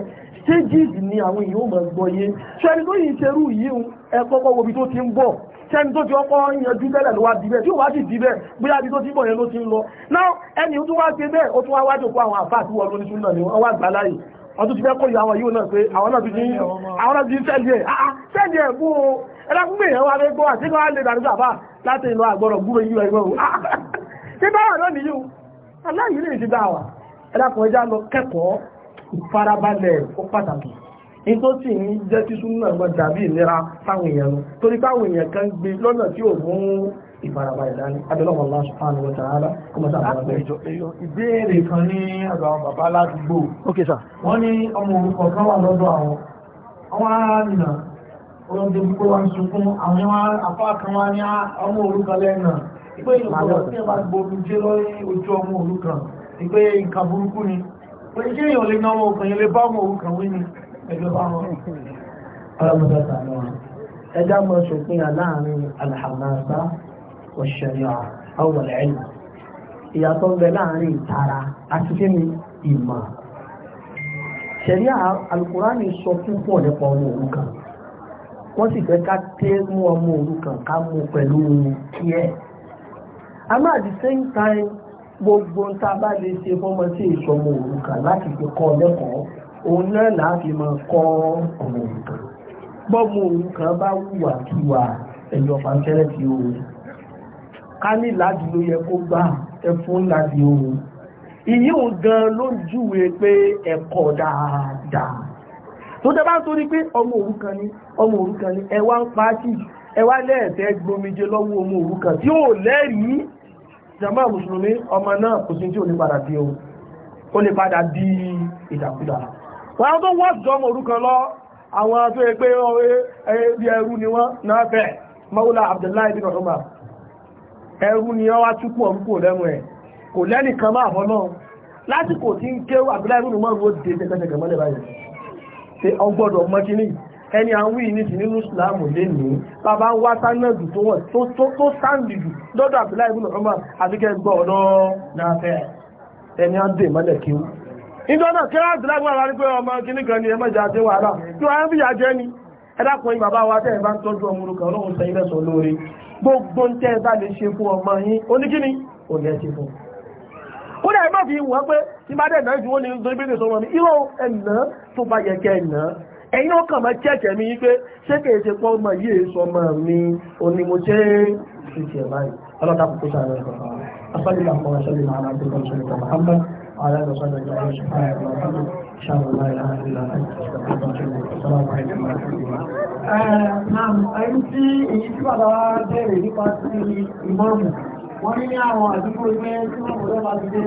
stages ni àwọn èèyàn ó máa gbọ́ yé ṣẹ́ni tó yìí ṣerú yìí ẹ kọ́kọ́ ti ń sẹ́ni tó ti ọkọ́ yanjú tẹ́lẹ̀ ló wá di bẹ́ẹ̀ tí ó wá sì di bẹ́ẹ̀ bóyá ibi tó ti bọ̀ yẹn ló ti ń lọ náà ẹni tó wá ṣe bẹ́ẹ̀ ó tún wá wájú kó àwọn àbá àti wọ́n lóní súnà ni wọ́n wá gbà láàyè wọ́n tún ti fẹ́ kọ́ ìyá àwọn yìí náà pé àwọn náà ti ní àwọn náà ti ń sẹ́ni ẹ̀ ah, ah, sẹ́ni ẹ̀ bú o ẹlẹ́gbẹ́ èèyàn wa fẹ́ gbọ́ àti kí wọ́n lè dàrú bàbá láti ìlú àgbọ̀rọ̀ gúrò yìí ẹgbẹ́ o ah, ṣé báwà náà nìyí o aláìyí lè ṣe dáwà ẹlẹ́kọ̀ọ́ ẹjá lọ kẹ́kọ̀ọ́ ìfarabalẹ̀ ó pàtàkì in tó sì ń jẹ́ kí súnmọ́ ẹ̀gbọ́n dàbí ìlera fáwọn èèyàn lọ torí káwọn èèyàn kan gbé lọ́nà tí ò mú ìfaraba ìdání abẹ́lọ́wọ́ Allah subhanahu wa ta'ala kó mọ́ sábà bẹ́ẹ̀. ìbéèrè kan ní ọ̀dọ̀ àwọn bàbá aládùúgbò wọ́n ní ọmọ orúkọ kan wà lọ́dọ̀ àwọn àwọn arìnà olóńgbé púpọ̀ wá ń sunkún àwọn apá kan wá ní ọmọ orúkọ lẹ́nà pé ìrọ̀lọ́ tí ẹ bá gbomi jẹ́ ọmọ orúkọ ìpé ẹgbẹ́ bá wọn ọlọ́mọdé sàánú wọn ẹjá mọ ìyàtọ̀ ń bẹ láàrin ìtara àti ìmọ̀ sọ púpọ̀ nípa ọmọ wọ́n sì fẹ́ ká tẹ́ mú ọmọ ká mú pẹ̀lú same time gbogbo ń a lè ṣe fọ́mọ sí ìṣọmọ láti fi kọ́ lẹ́kọ̀ọ́ òun náà láti máa kọ́ ọmọ nǹkan gbọ́mọ nǹkan bá wùwà kíwà ẹ̀yọ̀ pàṣẹ́rẹ́ ti ohun ká ní láti ló yẹ kó gbà ẹfún láti ohun ìyíhùn gan ló júwe pé ẹ̀kọ́ dáadáa tó tẹ́ bá ń torí pé ọmọ òrukàn ni ọmọ òrukàn ni ẹwà ń pàákì ẹwà lẹ́ẹ̀tẹ́ gbomijé lọ́wọ́ ọmọ òrukàn tí ó lẹ́rìí jàmá mùsùlùmí ọmọ náà kò sí tí ó lè padà di ìdàkúdà wọ́n tó wọ́n jọ mọ̀ orúkọ lọ àwọn tó yẹ pé ẹbí ni wọ́n náà fẹ́ maula abdullahi bin umar ẹrú ni wọ́n wá túkú ọ̀rúkọ lẹ́nu ẹ̀ kò lẹ́nì kan máa bọ́ náà lásìkò tí ń ké abdullahi bin umar ó dé tẹ́tẹ́tẹ́ ìjọ náà kíláàsì lágbàrá ní pé ọmọ kìíní kan ní ẹmọ́jà àti wàhálà tí wọ́n fi yà jẹ́ ni ẹ̀dàkùn yìí bàbá wa tẹ́ ẹ̀ bá ń tọ́jú ọmọ orúkọ ọlọ́run sẹ́yìn lẹ́sọ̀ lóore gbogbo ń tẹ́ ẹ bá lè ṣe fún ọmọ yín oníkíní ò lẹ́ ṣe fún. ó dẹ̀ má fi wọ́n pé tí bá dẹ̀ náà ìfowó ni nítorí bíbí sọmọ mi irọ́ ẹ̀nà tó bá yẹ kẹ́ ẹ̀nà ẹ̀yin ó kàn máa chẹ́ẹ̀kẹ́ mi pé ṣé kèé ṣe pọ́ ọmọ yìí sọ ọmọ mi òní mo ṣe é ṣe tiẹ̀ báyìí ọlọ́dà kò tó sàrẹ̀ ẹ̀kọ́ على ان وصلنا الى سبحانك اللهم وبحمدك اشهد ان لا اله الا انت استغفرك واتوب اليك السلام عليكم ورحمه الله Naam, ẹni tí èyí tí bàbá bẹ̀rẹ̀ nípa sí ìmọ̀ọ̀mù, wọ́n ní ní àwọn àdúgbò ilé tí wọ́n mọ̀lẹ́ bá ti dé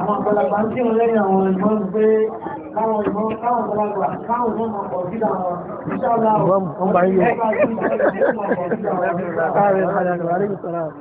àwọn àgbàlagbà tí wọ́n lẹ́yìn àwọn ìmọ̀ọ̀mù pé káwọn ìmọ̀ọ̀mù káwọn àgbàlagbà káwọn ìmọ̀ọ̀mù pọ̀ sí àwọn ìṣẹ́ ọ̀la ọ̀gbà ilé.